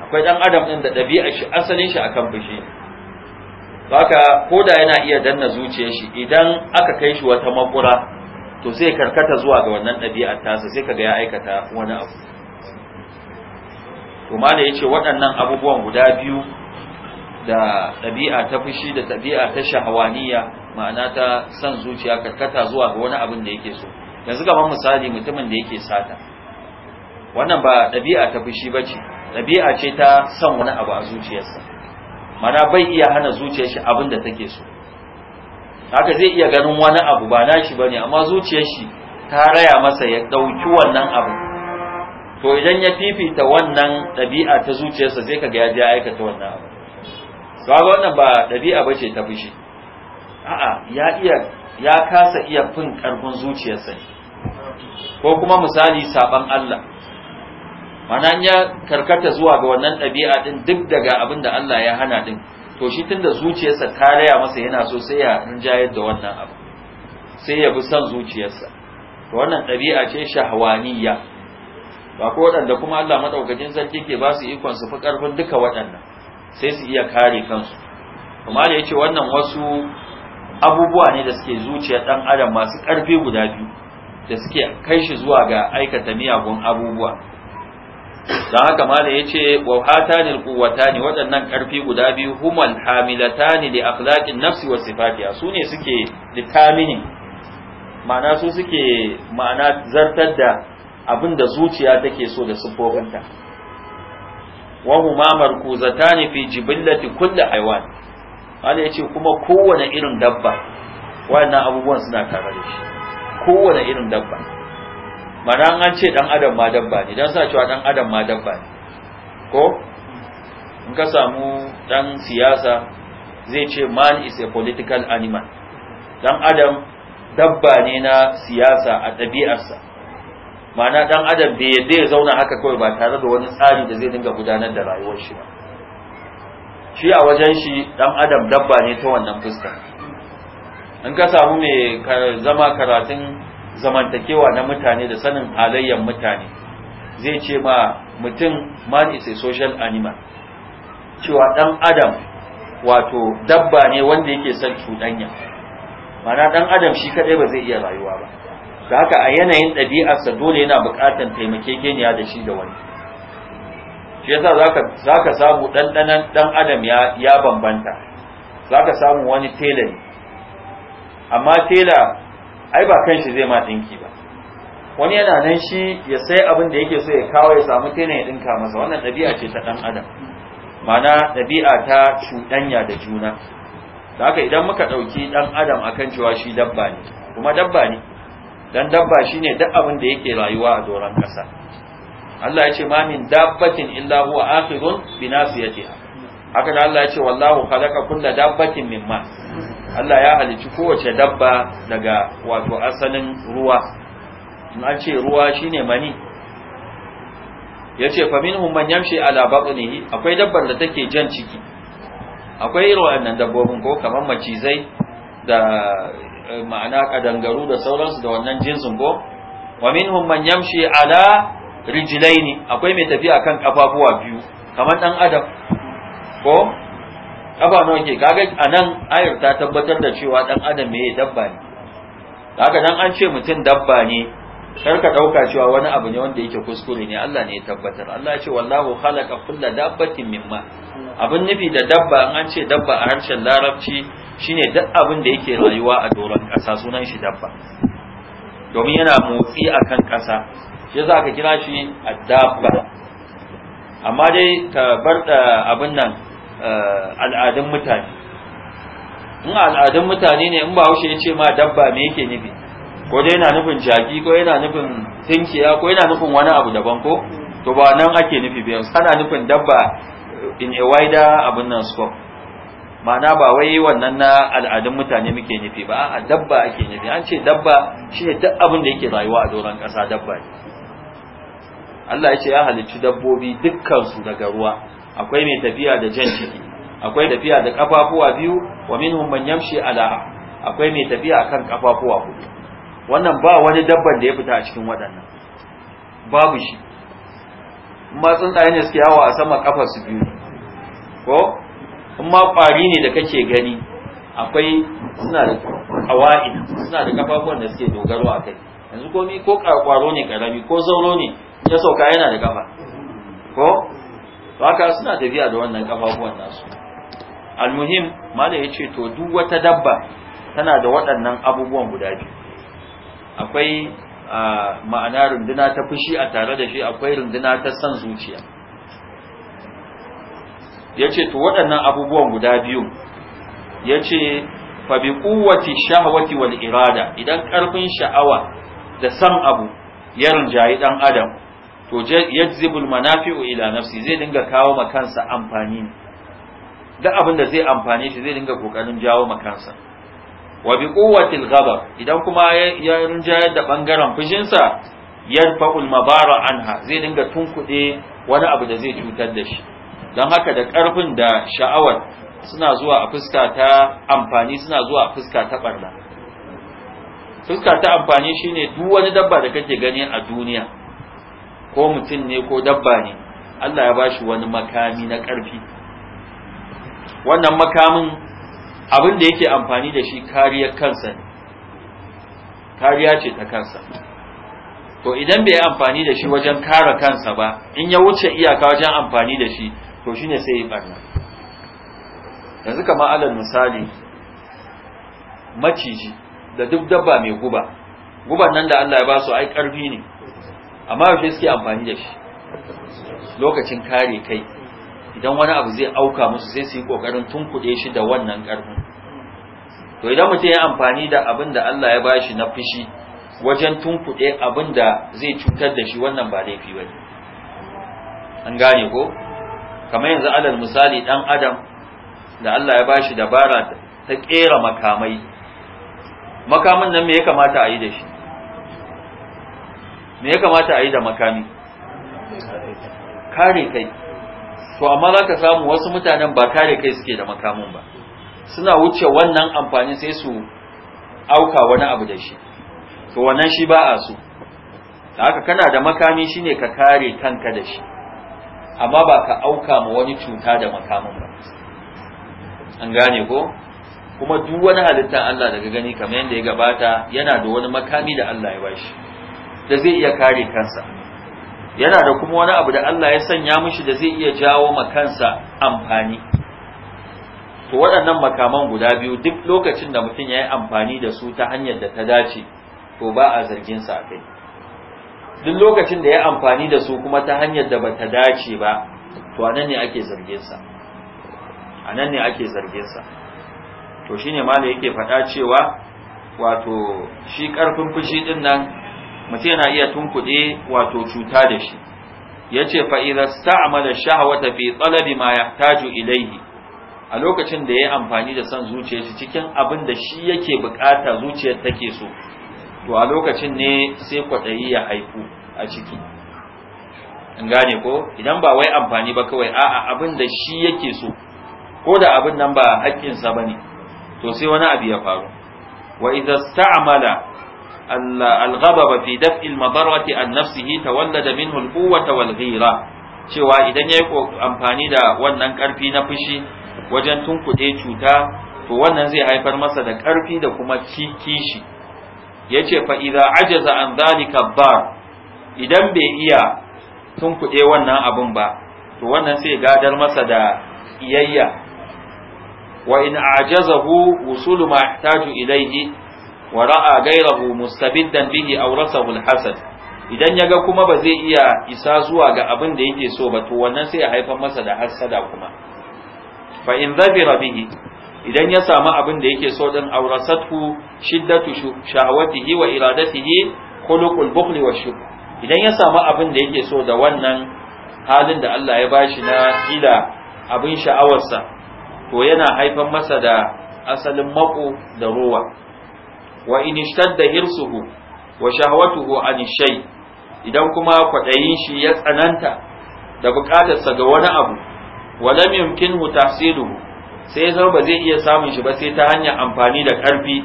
akwai dan adam din da ɗabi'ar shi asalin shi akan fushi haka koda yana iya danna zuciyar shi idan aka kai shi wata makura to sai karkata zuwa ga wannan ɗabi'ar ta, sai kaga ya aikata wani abu to da yace waɗannan abubuwan guda biyu da ɗabi'a ta fushi da ɗabi'a ta shahawaniya ma'ana ta san zuciya karkata zuwa ga wani abin da yake so yanzu gaban misali mutumin da yake sata wannan ba ɗabi'a ta fushi ba ce ɗabi'a ce ta son wani abu a zuciyarsa mana bai iya hana zuciyar shi abin da take so haka zai iya ganin wani abu ba nashi bane amma zuciyar shi ta raya masa ya ɗauki wannan abu to idan ya fifita wannan ɗabi'a ta zuciyarsa sai kaga ya je aikata wannan abu ga wannan ba ɗabi'a bace ta fushi a'a ya iya ya kasa iya fin ƙarfin zuciyarsa ne ko kuma misali saban Allah mana ya karkata zuwa ga wannan ɗabi'a ɗin duk daga abin da Allah ya hana ɗin to shi tun da zuciyarsa ta raya masa yana so sai ya rinjayar da wannan abu sai ya bi son zuciyarsa to wannan ɗabi'a ce shahwaniya ba ko waɗanda kuma Allah maɗaukacin sarki ke ba su ikon su fi ƙarfin duka waɗannan sai su iya kare kansu kuma da ce wannan wasu abubuwa ne da suke zuciyar ɗan adam masu ƙarfi guda biyu da suke kai shi zuwa ga aikata miyagun abubuwa don haka malam ya ce wa kuwata ne waɗannan ƙarfi guda biyu humal hamilatani da akhlaqin nafsi wa sifafiya su ne suke determining ma'ana su suke ma'ana zartar da abin da zuciya take so da siffofinta wa huma ne fi jibillati kulli haywan malam ya ce kuma kowane irin dabba waɗannan abubuwan suna tare da shi kowane irin dabba mana an ce dan adam ma dabba ne dan sa cewa dan adam ma dabba ne ko in ka samu dan siyasa zai ce man is a political animal dan adam dabba ne na siyasa a ɗabi'arsa mana dan adam bai yadda ya zauna haka kawai ba tare da wani tsari da zai dinga gudanar da rayuwar shi ba shi a wajen shi dan adam dabba ne ta wannan fuska in ka samu mai zama karatun zamantakewa na mutane da sanin halayyar mutane zai ce ma mutum man is a social animal cewa dan adam wato dabba ne wanda yake son cuɗanya mana dan adam shi kaɗai ba zai iya rayuwa ba da haka a yanayin ɗabi'arsa dole yana buƙatar taimakekeniya da shi da wani shi yasa ka samu ɗanɗanan ɗan adam ya bambanta Za ka samu wani tela amma tela ai ba kan shi zai ma dinki ba wani yana nan shi ya sai abin da yake so ya kawo ya samu tela ya dinka masa wannan ɗabi'a ce ta ɗan adam ma'ana ɗabi'a ta cuɗanya da juna da haka idan muka ɗauki ɗan adam akan cewa shi dabba ne kuma dabba ne dan dabba shine duk abin da yake rayuwa a doron ƙasa Allah ya ce ma min dabbatin illa huwa akhirun binasiyatiha haka da Allah ya ce wallahu khalaqa kulla dabbatin min ma Allah ya halicci kowace dabba daga wato asalin ruwa na ce ruwa shine mani yace fa minhum man yamshi ala batnihi akwai dabbar da take jan ciki akwai irin wannan dabbobin ko kamar macizai da eh, ma'ana kadangaru da sauransu da wannan jinsin ko wa minhum man yamshi ala rijlaini akwai mai tafiya kan kafafuwa biyu kamar dan adam ko kafa nawa ke kaga anan ayar ta tabbatar da cewa dan adam ne dabba ne haka dan an ce mutum dabba ne kar ka dauka cewa wani abu ne wanda yake kuskure ne Allah ne ya tabbatar Allah ya ce wallahu khalaqa kulla dabbatin mimma abin nufi da dabba an an ce dabba a harshen larabci shine duk abin da yake rayuwa a doron kasa sunan shi dabba domin yana motsi akan ƙasa shi zaka ka kira shi addabba amma dai ka bar da eh, abin nan Eh, al'adun mutane in al'adun mutane ne in ba haushe ya ce ma dabba me yake nufi ko dai yana nufin jaki ko yana nufin tinkiya ko yana nufin wani abu daban ko to ba nan ake nufi biyan ana nufin dabba in a wider abin nan scope ma'ana ba wai wannan na al'adun mutane muke nufi ba a dabba ake nufi an ce dabba shi ne duk abin da yake rayuwa a doron ƙasa dabba ne Allah ya ce ya halicci dabbobi dukkan su daga ruwa akwai mai tafiya da jan ciki akwai tafiya da kafafuwa biyu wa minhum man yamshi ala akwai mai tafiya akan kafafuwa hudu wannan ba wani dabban da ya fita a cikin waɗannan babu shi ma tsuntsaye ne suke yawo a sama kafar su biyu ko in ma ƙwari ne da kake gani akwai suna da kawa'in suna da kafafuwan da suke dogaro a kai yanzu komi ko ƙwaro ne ƙarami ko zauro ne ya sauka yana da kafa ko to haka suna tafiya da wannan kafafuwan nasu almuhim malam yace to duk wata dabba tana da waɗannan abubuwan guda biyu akwai ma'ana runduna ta fushi a tare da shi akwai runduna ta san zuciya yace to waɗannan abubuwan guda biyu yace fa bi quwwati shahwati wal irada idan karfin sha'awa da san abu ya rinjayi dan adam to yajzibul manafi'u ila nafsi zai dinga kawo ma kansa amfani ne duk abin da zai amfane shi zai dinga kokarin jawo ma kansa wa bi quwwatil ghadab idan kuma ya rinja da bangaren fushinsa yarfa'ul mabara anha zai dinga tunkude wani abu da zai cutar da shi dan haka da karfin da sha'awar suna zuwa a fuska ta amfani suna zuwa a fuska ta barna fuska ta amfani shine duk wani dabba da kake gani a duniya ko mutum ne ko dabba ne Allah ya bashi wani makami na ƙarfi wannan makamin abin da yake amfani da shi kariyar kansa ne kariya ce ta kansa to idan bai amfani da shi wajen kare kansa ba in ya wuce iyaka wajen amfani da shi to shine sai ya barna yanzu kamar alal misali maciji da duk dabba mai guba guban nan da Allah ya ba su ai karfi ne amma yaushe suke amfani da shi lokacin kare kai idan wani abu zai auka musu sai su yi kokarin tunkuɗe shi da wannan ƙarfin to idan mutum ya amfani da abin da Allah ya bashi na fushi wajen tunkuɗe abin da zai cutar da shi wannan ba laifi ba ne an gane ko kamar yanzu alal misali ɗan adam da Allah ya bashi dabara ta ƙera makamai makamin nan me ya kamata a yi da shi me ya kamata a yi da makami kare kai to amma za ka samu wasu mutanen ba kare kai suke da makamin ba suna wuce wannan amfani sai su auka wani abu da shi to wannan shi ba a so da haka kana da makami shi ne ka kare kanka da shi amma ba ka auka ma wani cuta da makamin ba an gane ko kuma duk wani halittar Allah daga gani kamar yadda ya gabata yana da wani makami da Allah ya bashi da zai iya kare kansa yana da kuma wani abu da Allah ya sanya mishi da zai iya jawo ma kansa amfani to waɗannan makaman guda biyu duk lokacin da mutum ya yi amfani da su ta hanyar da ta dace to ba a zargin sa kai duk lokacin da ya amfani da su kuma ta hanyar da ba ta dace ba to anan ne ake zargin sa anan ne ake zargin sa to shine ma da yake faɗa cewa wato shi ƙarfin fushi din nan mutum yana iya tunkuɗe wato cuta da shi ya ce fa'iza sta'amala shahawata fi tsalabi ma ya taju ilaihi a lokacin da ya yi amfani da son zuciya shi cikin abin da shi yake bukata zuciyar take so to a lokacin ne sai kwaɗayi ya haifu a ciki in gane ko idan ba wai amfani ba kawai a'a abin da shi yake so ko da abin nan ba haƙƙinsa ba ne to sai wani abu ya faru wa idza sta'mala al-ghadab fi daf'il madarrati an nafsihi tawallada minhu al cewa idan yayi amfani da wannan karfi na fushi wajen tunkuɗe cuta to wannan zai haifar masa da karfi da kuma kishi yace ce, idza ajaza an dhalika dhar idan bai iya tunkuɗe wannan abun ba to wannan sai gadar masa da iyayya wa in ajazahu wusulu ma yahtaju ilaihi? wa ra'a gairahu mustabiddan bihi awrasahu alhasad idan yaga kuma ba zai iya isa zuwa ga abin da yake so ba to wannan sai ya haifar masa da hasada kuma fa in zabira bihi idan ya samu abin da yake so din awrasathu shiddatu shahawatihi wa iradatihi khuluqul bukhli wa shubh idan ya samu abin da yake so da wannan halin da Allah ya bashi na ila abin sha'awarsa to yana haifar masa da asalin mako da ruwa wa in ishtadda hirsuhu wa shahwatuhu an shay idan kuma kwadayin shi ya tsananta da bukatarsa ga wani abu wa lam yumkinhu tahsiluhu sai ya zama ba zai iya samun shi ba sai ta hanyar amfani da karfi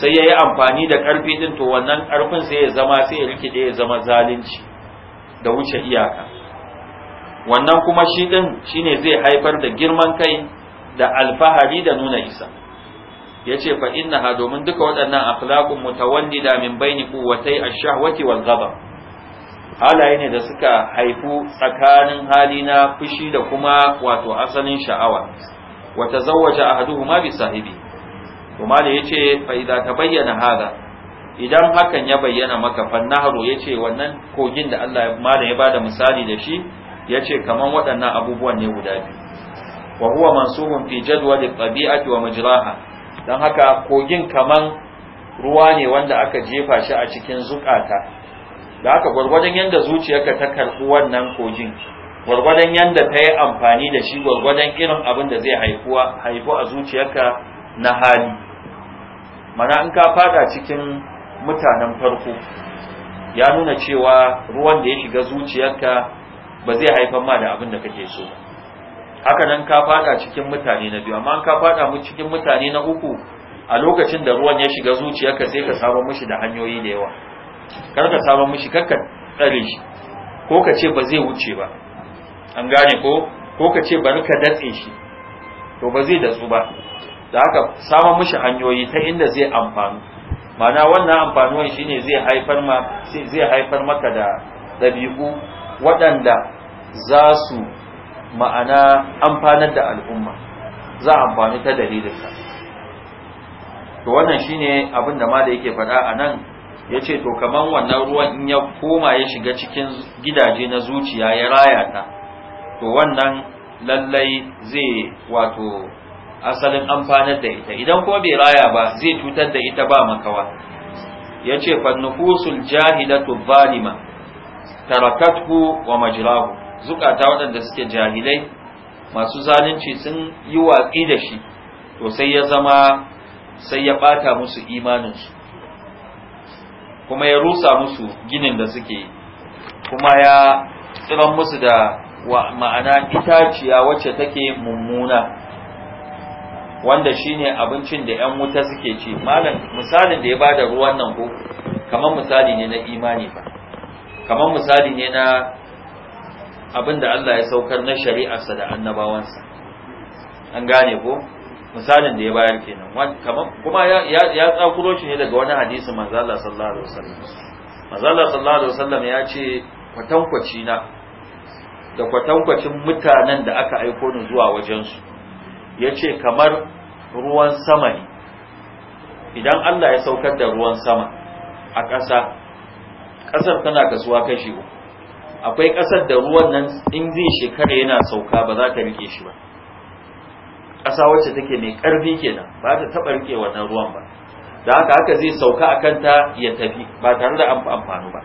sai ya yi amfani da karfi din to wannan karfin sai ya zama sai ya rikide ya zama zalunci da wuce iyaka wannan kuma shi din shine zai haifar da girman kai da alfahari da nuna isa yace fa innaha domin duka waɗannan akhlaqun mutawannida min baini quwwatai ash-shahwati wal ghadab halaye ne da suka haifu tsakanin hali na fushi da kuma wato asalin sha'awa wa tazawwaja ahaduhuma bi sahibi to male yace fa idza tabayyana hada idan hakan ya bayyana maka fa yace wannan kogin da Allah malam ya bada misali da shi yace kaman waɗannan abubuwan ne guda biyu wa huwa mansubun fi jadwal tabiati wa majraha don haka kogin kaman ruwa ne wanda aka jefa shi a cikin zukata da haka gwargwadon yadda zuciyarka ta karɓi wannan kogin gwargwadon yadda ta yi amfani da shi gwargwadon irin abin da zai haifu a zuciyarka na hali mana in ka fada cikin mutanen farko ya nuna cewa ruwan da ya shiga zuciyarka ba zai haifar ma da abin da kake so ba haka nan ka fada cikin mutane na biyu amma ka fada mu cikin mutane na uku a lokacin da ruwan ya shiga zuciyarka sai ka saba mishi da hanyoyi da yawa kar ka saba mishi kakka tsare shi ko ka ce ba zai wuce ba an gane ko ko ka ce bari ka datse shi to ba zai datsu ba da haka samun mishi hanyoyi ta inda zai amfani mana wannan amfanuwan shine zai haifar ma zai haifar maka da dabi'u waɗanda za su ma'ana amfanar da al'umma za a amfani ta dalilinka to wannan shine abin da ma yake faɗa a nan ya ce to kamar wannan ruwan in ya koma ya shiga cikin gidaje na zuciya ya raya ta to wannan lallai zai wato asalin amfanar da ita idan kuma bai raya ba zai cutar da ita ba makawa ya ce fannufusul jahilatu zalima tarakathu wa majrahu zukata waɗanda suke jahilai masu zalunci sun yi watsi da shi to sai ya zama sai ya ɓata musu imaninsu kuma ya rusa musu ginin da suke kuma ya tsiran musu da ma'ana itaciya wacce take mummuna wanda shine abincin da 'yan wuta suke ci malam misalin da ya bada ruwan nan ko kamar misali ne na imani ba kamar misali ne na abinda Allah ya saukar na shari'arsa da annabawansa an gane ko misalin da ya bayar kenan kuma ya tsakuro shi ne daga wani hadisi manzo Allah sallallahu alaihi wasallam manzo Allah sallallahu alaihi wasallam ya ce kwatankwaci na da kwatankwacin mutanen da aka aiko ni zuwa wajensu ya ce kamar ruwan sama ne idan Allah ya saukar da ruwan sama a ƙasa ƙasar tana kasuwa kashi uku akwai ƙasar da ruwan nan in zai shekara yana sauka ba za ta rike shi ba ƙasa wacce take mai ƙarfi kenan ba ta taɓa rike wannan ruwan ba da haka haka zai sauka a kanta ya tafi ba tare da amfani ba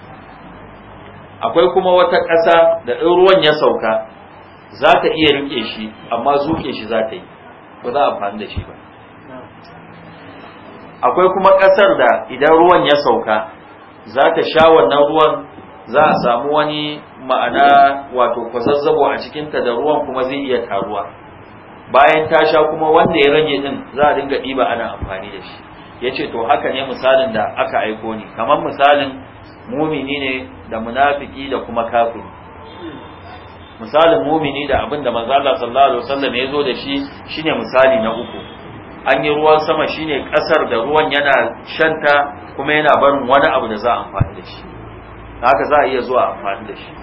akwai kuma wata ƙasa da in ruwan ya sauka za ta iya rike shi amma zuke shi za ta yi ba za a amfani da shi ba akwai kuma ƙasar da idan ruwan ya sauka za ta sha wannan ruwan za a samu wani ma'ana wato kwazazzabo a cikinta da ruwan kuma zai iya taruwa bayan ta sha kuma wanda ya rage din za a dinga ɗiba ana amfani da shi ya ce to haka ne misalin da aka aiko ni kamar misalin mumini ne da munafiki da kuma kafiri misalin mumini da abinda da manzo Allah sallallahu alaihi wasallam ya zo da shi shine misali na uku an yi ruwan sama shine kasar da ruwan yana shanta kuma yana barin wani abu da za a amfani da shi haka za a iya zuwa amfani da shi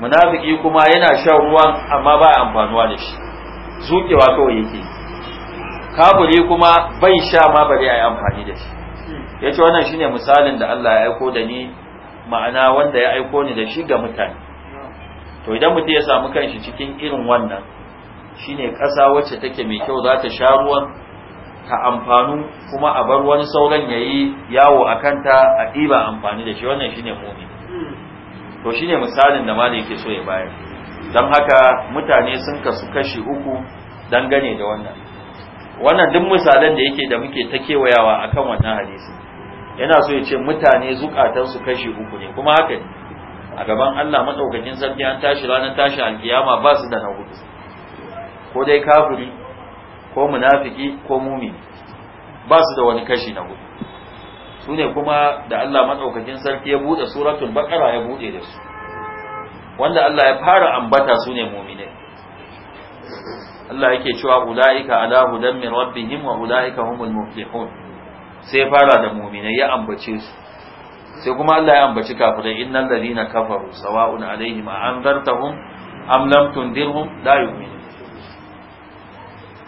munafiki kuma yana shan ruwa amma ba amfanuwa da shi zukewa kawai yake kafiri kuma bai sha ma a yi amfani da shi ya ce wannan shine misalin da Allah ya aiko da ni ma'ana wanda ya aiko ni da shi ga mutane to idan mutum ya samu kanshi cikin irin wannan shine ƙasa wacce take mai kyau za ta sha ruwan ta amfanu kuma a bar wani sauran yayi yawo a kanta a ɗiba amfani da shi wannan shine mumin to shi ne misalin da malai yake so ya bayar don haka mutane sun kasu kashi uku dangane da wannan wannan duk misalin da yake da muke ta kewayawa akan wannan hadisi yana so ya ce mutane zukatansu kashi uku ne kuma haka ne a gaban Allah madaukakin sarki an tashi ranar tashi alkiyama ba su da na hudu ko dai ko munafiki ko mumi ba su da wani kashi na hudu su ne kuma da Allah madaukakin sarki ya buɗe suratul baƙara ya buɗe da su wanda Allah ya fara ambata su ne mu'minai Allah yake cewa ulaika ala hudan min rabbihim wa ulaika humul muflihun sai fara da mu'minai ya ambace su sai kuma Allah ya ambaci kafirai innal ladina kafaru sawa'un alaihim a anzartahum am lam tundirhum la yu'minun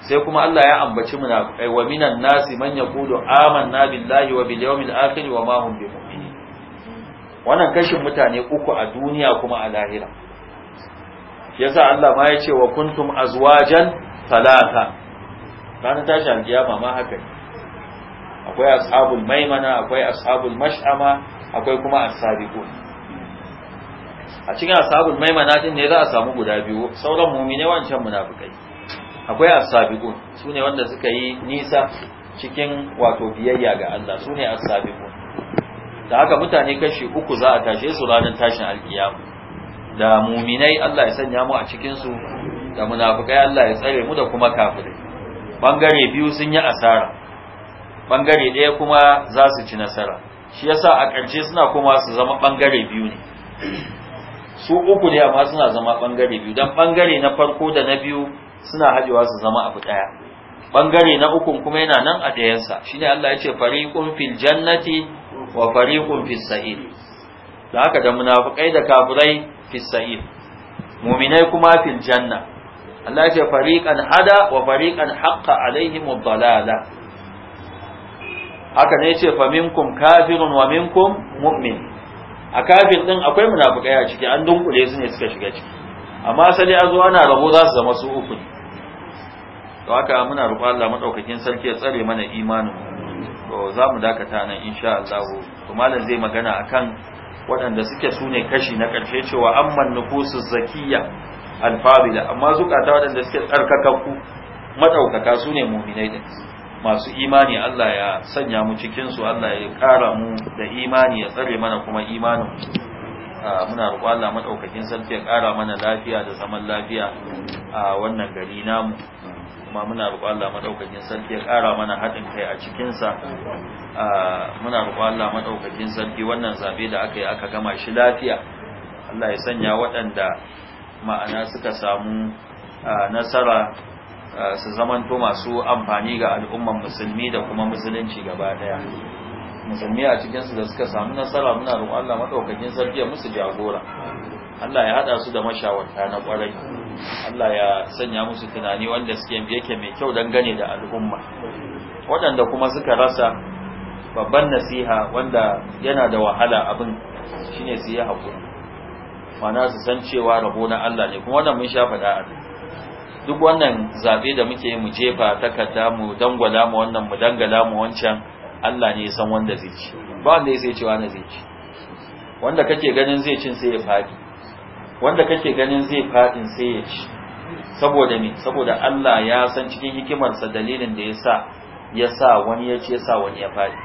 sai kuma Allah ya ambaci munafiqai wa minan nasi man yaqulu amanna billahi wa bil yawmil akhir wa ma hum bimumini wannan kashin mutane uku a duniya kuma a lahira yasa Allah ma ya ce wa kuntum azwajan talata ranar tashi alkiyama ma haka akwai ashabul maimana akwai ashabul mash'ama akwai kuma as-sabiqun a cikin ashabul maimana din ne za a samu guda biyu sauran mu'mine wancan munafiqai akwai asabiqun sune wanda suka yi nisa cikin wato biyayya ga Allah sune asabiqun da haka mutane kashi uku za a tashe su ranar tashin alkiyama da muminai Allah ya sanya mu a cikin su da munafikai Allah ya tsare mu da kuma kafirai bangare biyu sun yi asara bangare ɗaya kuma za su ci nasara shi yasa a ƙarshe suna kuma su zama bangare biyu ne su uku ne amma suna zama bangare biyu dan bangare na farko da na biyu suna hajewa su zama abu daya bangare na ukun kuma yana nan a dayansa shine Allah ya ce fariqun fil jannati wa fariqun fis sa'ir da haka da munafikai da kafirai fis sa'ir mu'minai kuma fil janna Allah ya ce fariqan hada wa fariqan haqqa alaihim ad-dalala haka ne yace fa faminkum kafirun wa minkum mu'min a kafin din akwai munafikai a ciki an dunkule su ne suka shiga ciki amma sai a zo ana rabo za su zama su uku to haka muna roƙo Allah madaukakin sarki ya tsare mana imanin to za mu dakata nan insha Allah to malam zai magana akan waɗanda suke su kashi na ƙarshe cewa amman nufusu zakiyya alfabila amma zukata waɗanda suke tsarkakakku madaukaka su ne mu'minai din masu imani Allah ya sanya mu cikin su Allah ya kara mu da imani ya tsare mana kuma imanin muna roƙon Allah madaukakin sarki ya ƙara mana lafiya da zaman lafiya a wannan gari namu kuma muna roƙon Allah madaukakin sarki ya ƙara mana haɗin kai a cikin sa muna roƙon Allah madaukakin sarki wannan zabe da aka yi aka gama shi lafiya Allah ya sanya waɗanda ma'ana suka samu nasara su zamanto masu amfani ga al'ummar musulmi da kuma musulunci gaba ɗaya musulmi a cikinsu da suka samu nasara muna roƙon Allah madaukakin sarki ya musu jagora Allah ya haɗa su da mashawarta na ƙwarai. Allah ya sanya musu tunani wanda suke yake mai kyau gane da al'umma waɗanda kuma suka rasa babban nasiha wanda yana da wahala abin shine su yi haƙuri mana su san cewa rabo na Allah ne kuma wannan mun sha faɗa a duk wannan zabe da muke yi mu jefa takarda mu dangwala mu wannan mu dangala mu wancan Allah ne ya san wanda zai ci ba wanda ya sai cewa na zai ci wanda kake ganin zai cin sai ya faɗi wanda kake ganin zai faɗin sai ya ci saboda me saboda Allah ya san cikin hikimarsa dalilin da ya sa ya sa wani ya ci ya sa wani ya faɗi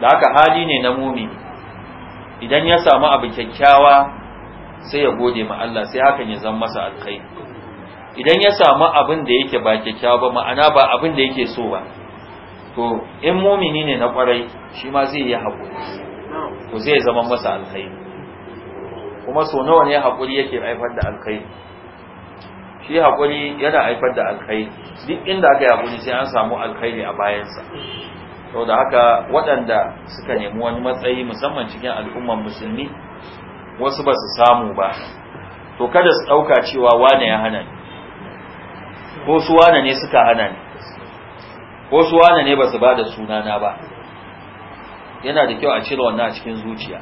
da haka hali ne na mumini idan ya samu abu kyakkyawa sai ya gode ma Allah sai hakan ya zan masa alkhairi idan ya samu abin da yake ba kyakkyawa ba ma'ana ba abin da yake so ba to in mumini ne na kwarai shi ma zai yi haƙuri to zai zama masa alkhairi kuma so nawa ne haƙuri yake haifar da alkhairi shi haƙuri yana haifar da alkhairi duk inda aka yi haƙuri sai an samu alkhairi a bayansa to da haka waɗanda suka nemi wani matsayi musamman cikin al'ummar musulmi wasu ba su samu ba to kada su ɗauka cewa wane ya hana ni ko su wane ne suka hana ni ko su wane ne ba su ba da sunana ba yana da kyau a cire wannan a cikin zuciya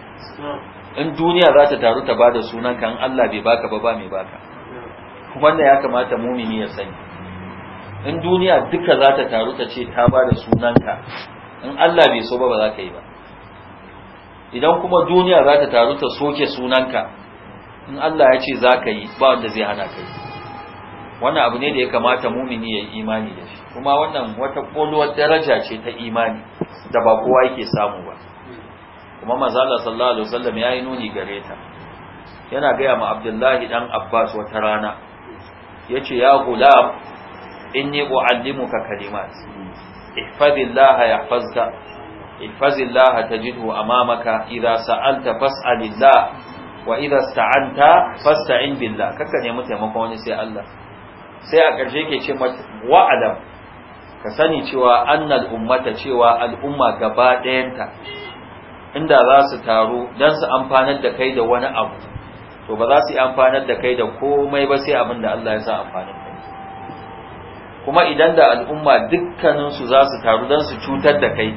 in duniya za ta taru ta ba da sunan kan Allah bai baka ba ba mai baka wanda ya kamata mumini ya sani in duniya duka za ta taru ta ce ta ba da sunanka in Allah bai so ba ba za ka yi ba idan kuma duniya za ta taru ta soke sunanka in Allah ya ce za ka yi ba wanda zai hana ka yi wannan abu ne da ya kamata mumini ya yi imani da shi kuma wannan wata koluwar daraja ce ta imani da ba kowa yake samu ba kuma manzala sallallahu alaihi wasallam yayi nuni gare ta yana gaya ma abdullahi dan abbas wata rana yace ya gulam inni uallimuka kalimat ihfazillaha yahfazka ihfazillaha tajidhu amamaka idza sa'alta fas'alillah wa idza sta'anta fasta'in billah kakka nemi taimakon wani sai Allah sai a ƙarshe ke ce wa'alam ka sani cewa annal ummata cewa al'umma gaba ɗayanta inda za su taru don su amfanar da kai da wani abu to ba za su yi amfanar da kai da komai ba sai abin da Allah ya sa amfanin kai kuma idan da al'umma dukkaninsu za su taru don su cutar da kai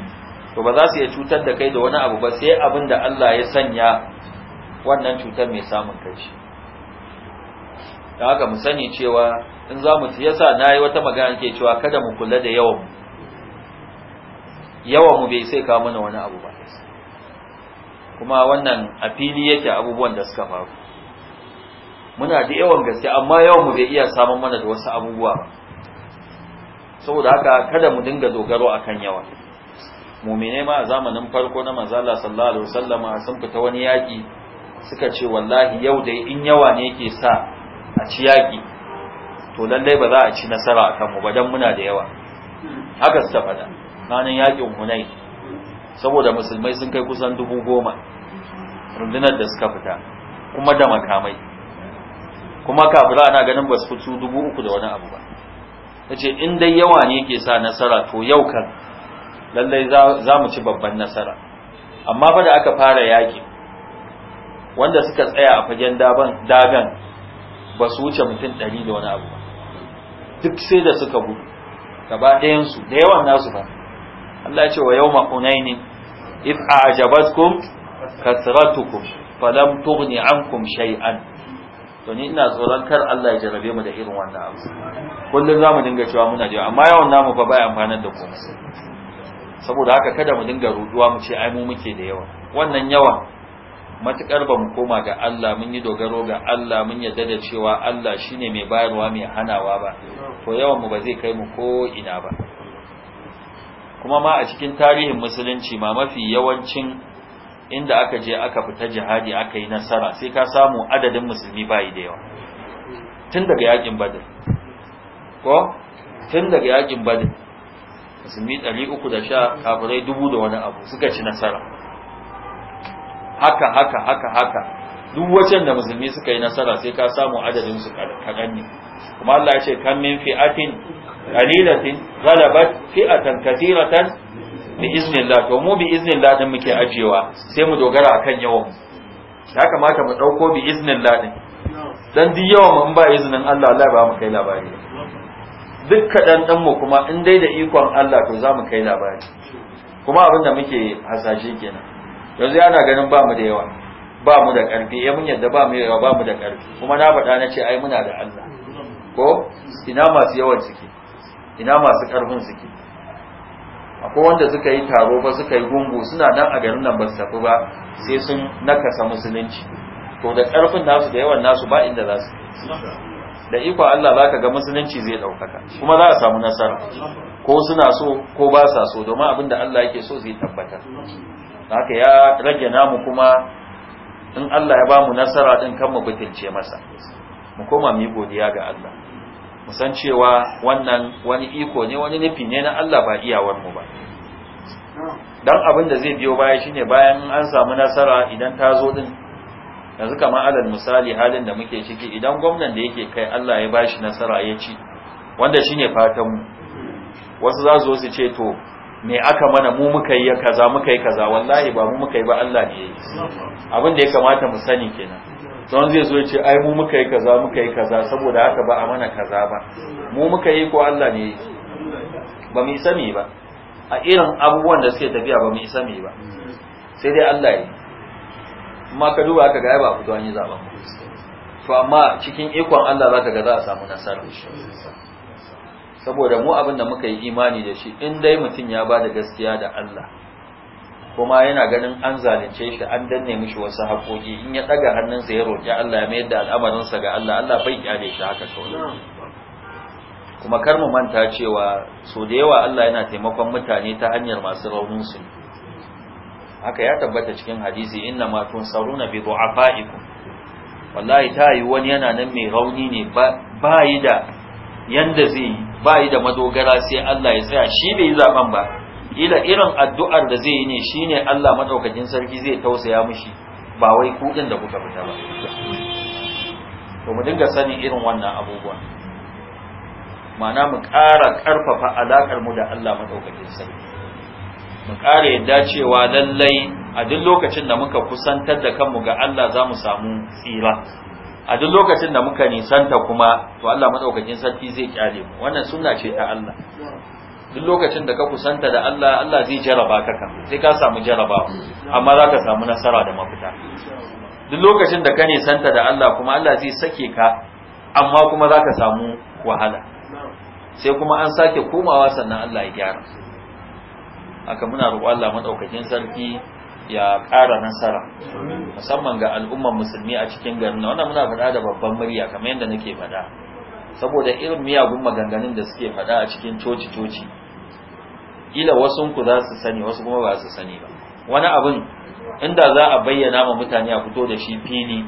to ba za su iya cutar da kai da wani abu ba sai abin da Allah ya sanya wannan cutar mai samun kai da haka mu sani cewa in za mu yasa na yi wata magana ke cewa kada mu kula da yawan yawan bai sai kawo mana wani abu ba kuma wannan a fili yake abubuwan da suka faru muna da yawan gaske amma yawan mu bai iya samun mana da wasu abubuwa saboda haka kada mu dinga dogaro akan yawa mumine ma a zamanin farko na manzala sallallahu alaihi wasallama sun fita wani yaki suka ce wallahi yau dai in yawa ne yake sa a ci yaƙi to lallai ba za a ci nasara a kanmu ba don muna da yawa haka suka faɗa ranar yaƙin hunai saboda musulmai sun kai kusan dubu goma rundunar da suka fita kuma da makamai kuma kafira ana ganin ba su fito dubu uku da wani abu ba ta ce in dai yawa ne ke sa nasara to yau kan lallai za mu ci babban nasara amma fa da aka fara yaƙi wanda suka tsaya a fagen dagan ba su wuce mutum ɗari da wani abu ba. duk sai da suka gudu gaba ɗayansu da yawan nasu ba Allah ya ce wa yau ne? if a ajabatkum kasratukum falam tughni ankum shay'an to ni ina tsoron kar Allah ya jarabe mu da irin wannan abu Kullum za mu dinga cewa muna jiwa amma yawan namu fa bai amfanar da komai saboda haka kada mu dinga ruduwa mu ce ai mu muke da yawa wannan yawan matukar ba mu koma ga Allah mun yi dogaro ga Allah mun yarda da cewa Allah shine mai bayarwa mai hanawa ba to yawan mu ba zai kai mu ko ina ba kuma ma a cikin tarihin musulunci ma mafi yawancin inda aka je aka fita jihadi aka yi nasara sai ka samu adadin musulmi bayi da yawa tun daga yakin badr ko tun daga yakin badr musulmi 310 kafirai dubu da wani abu suka ci nasara haka haka haka haka duk wajen da musulmi suka yi nasara sai ka samu adadin su kaɗan ne kuma Allah ya ce kan min fi'atin qalilatin ghalabat fi'atan katiratan bi iznillah to mu bi iznillah din muke ajewa sai mu dogara akan yawan ya kamata mu dauko bi iznillah din dan duk yawan mu ba iznin Allah Allah ba mu kai labari duk kaɗan ɗan mu kuma in dai da ikon Allah to za mu kai labari kuma abin da muke hasashe kenan yanzu yana ganin ba mu da yawa ba mu da ƙarfi ya eh, mun yadda ba mu yawa ba mu da ƙarfi kuma na faɗa na ce ai muna da Allah ko ina masu yawan suke ina masu ƙarfin suke akwai wanda suka yi taro ba suka yi gungu suna nan a garin nan ba su tafi ba sai sun nakasa musulunci to da ƙarfin nasu da yawan nasu ba inda za su da iko Allah za ka ga musulunci zai ɗaukaka kuma za a samu nasara ko suna so ko ba sa so domin abin da Allah yake so zai tabbatar haka ya rage namu kuma in Allah ya ba mu nasara din kan mu bitilce masa mu koma mu godiya ga Allah mu san cewa wannan wani iko ne wani nufi ne na Allah ba iyawar mu ba dan abin da zai biyo baya shine bayan an samu nasara idan ta zo din yanzu kamar alal misali halin da muke ciki idan gwamnan da yake kai Allah ya bashi nasara ya ci wanda shine fatan mu wasu za su ce to me aka mana mu muka yi kaza muka yi kaza wallahi ba mu muka yi ba Allah ne abin da ya kamata mu sani kenan don zai zo ya ce ai mu muka yi kaza muka yi kaza saboda haka ba a mana kaza ba mu muka yi ko Allah ne ba mu sani ba a irin abubuwan da suke tafiya ba mu sani ba sai dai Allah ya amma ka duba aka ga ai ba zo an yi zaben to amma cikin ikon Allah zaka ga za a samu nasara saboda mu abin da muka yi imani da shi in dai mutum ya ba da gaskiya da Allah kuma yana ganin an zalunce shi an danne mishi wasu haƙoƙi in ya ɗaga hannunsa ya roƙi Allah ya mayar da al'amarinsa ga Allah Allah bai kyale shi haka kawai kuma kar mu manta cewa so da yawa Allah yana taimakon mutane ta hanyar masu raunin su haka ya tabbata cikin hadisi inna ma tunsaruna bi du'afaikum wallahi ta yi wani yana nan mai rauni ne ba yi da yanda zai yi ba yi da madogara sai Allah ya tsaya shi bai yi zaben ba ila irin addu'ar da zai yi ne shine Allah madaukakin sarki zai tausaya mishi ba wai kuɗin da kuka fita ba to mu dinga sani irin wannan abubuwa ma'ana mu ƙara ƙarfafa alaƙar mu da Allah madaukakin sarki mu ƙara yadda cewa lallai a duk lokacin da muka kusantar da kanmu ga Allah za mu samu tsira a duk lokacin da muka nisanta kuma to Allah madaukakin sarki zai kyale mu wannan sunna ce ta Allah duk lokacin da ka kusanta da Allah Allah zai jaraba ka kan sai ka samu jaraba amma za ka samu nasara da mafita duk lokacin da ka nisanta da Allah kuma Allah zai sake ka amma kuma za ka samu wahala sai kuma an sake komawa sannan Allah ya gyara haka muna roƙon Allah madaukakin sarki ya ƙara nasara musamman ga al'umman musulmi a cikin garin wannan muna faɗa da babban murya kamar yadda nake faɗa saboda irin miyagun maganganun da suke faɗa a cikin coci-coci ila wasu ku za su sani wasu kuma ba su sani ba wani abin inda za a bayyana ma mutane a fito da shi fili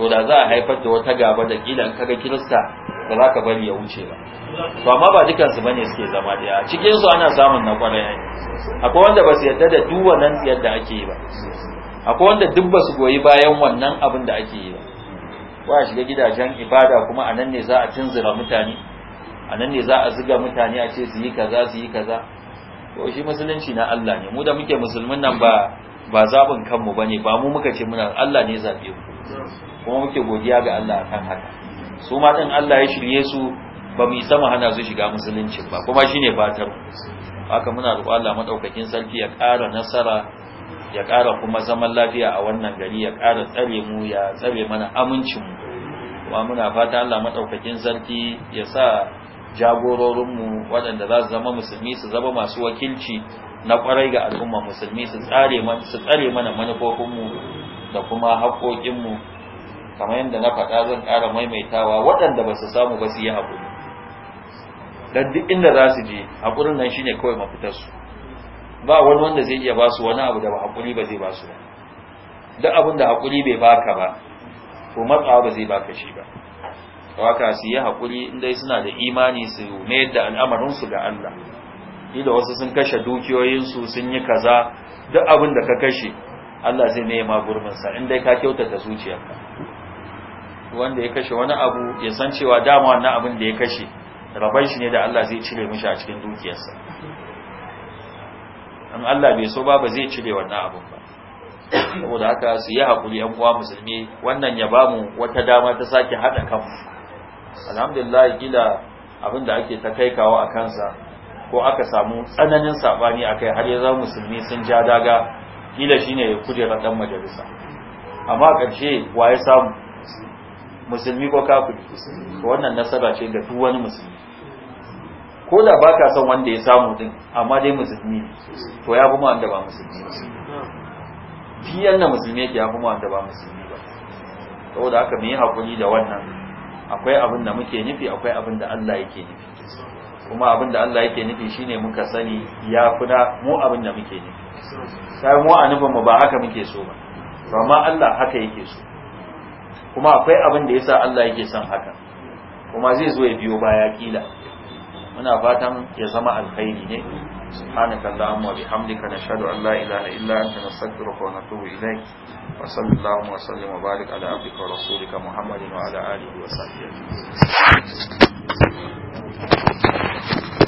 to da za a haifar da wata gaba da kila in kaga kirista ba za ka bari ya wuce ba to amma ba dukansu bane suke zama daya cikin su ana samun na kwarai akwai wanda ba su yadda da duk wannan tsiyar da ake yi ba akwai wanda duk ba su goyi bayan wannan abin da ake yi ba ko a shiga gidajen ibada kuma a nan ne za a tunzura mutane a ne za a ziga mutane a ce su yi kaza su yi kaza to shi musulunci na Allah ne mu da muke musulmin nan ba ba zabin kanmu bane ba mu muka ce muna Allah ne zabe mu kuma muke godiya ga Allah akan haka su ma din Allah ya shirye su ba mu isa mu hana su shiga musulunci ba kuma shine fatar haka muna roƙon Allah madaukakin sarki ya ƙara nasara ya ƙara kuma zaman lafiya a wannan gari ya ƙara tsare mu ya tsare mana amincin mu kuma muna fata Allah madaukakin sarki ya sa jagororinmu waɗanda za su zama musulmi su zama masu wakilci na ƙwarai ga al'umma musulmi su tsare mana manufofin mu da kuma mu kamar yadda na faɗa zan ƙara maimaitawa waɗanda ba su samu ba su yi haƙuri da duk inda za su je hakurin nan shine kawai mafitar su ba wani wanda zai iya ba su wani abu da ba hakuri ba zai ba duk abin da hakuri bai baka ba ko matsawa ba zai baka shi ba waka su yi hakuri inda suna da imani su ne da al'amarin su ga Allah da wasu sun kashe dukiyoyin su sun yi kaza duk abin da ka kashe Allah zai maye ma gurbin sa inda ka kyautata zuciyarka wanda ya kashe wani abu ya san cewa dama wannan abin da ya kashe raban shi ne da Allah zai cire mishi a cikin dukiyarsa in Allah bai so ba ba zai cire wannan abin ba saboda haka su yi haƙuri yan uwa musulmi wannan ya ba mu wata dama ta sake haɗa kan alhamdulillah kila abin da ake ta kai kawo a kansa ko aka samu tsananin saɓani a kai har ya zama musulmi sun ja daga kila shine kujera ɗan majalisa amma ƙarshe wa ya samu musulmi ko kafiri wannan nasaba ce ga duk wani musulmi ko da baka son wanda ya samu din amma dai musulmi to ya kuma wanda ba musulmi fi yanda musulmi yake ya kuma wanda ba musulmi ba saboda haka mu yi hakuri da wannan akwai abin da muke nufi akwai abin da Allah yake nufi kuma abin da Allah yake nufi shine muka sani ya kuna mu abin da muke nufi sai mu a nufin mu ba haka muke so ba amma Allah haka yake so kuma akwai abin da yasa Allah yake son haka kuma zai zo ya biyo baya kila muna fatan ya zama alkhairi ne سبحانك اللهم وبحمدك نشهد أن لا إله إلا أنت نستغفرك ونتوب إليك وصلى اللهم وسلم وبارك على عبدك ورسولك محمد وعلى آله وصحبه أجمعين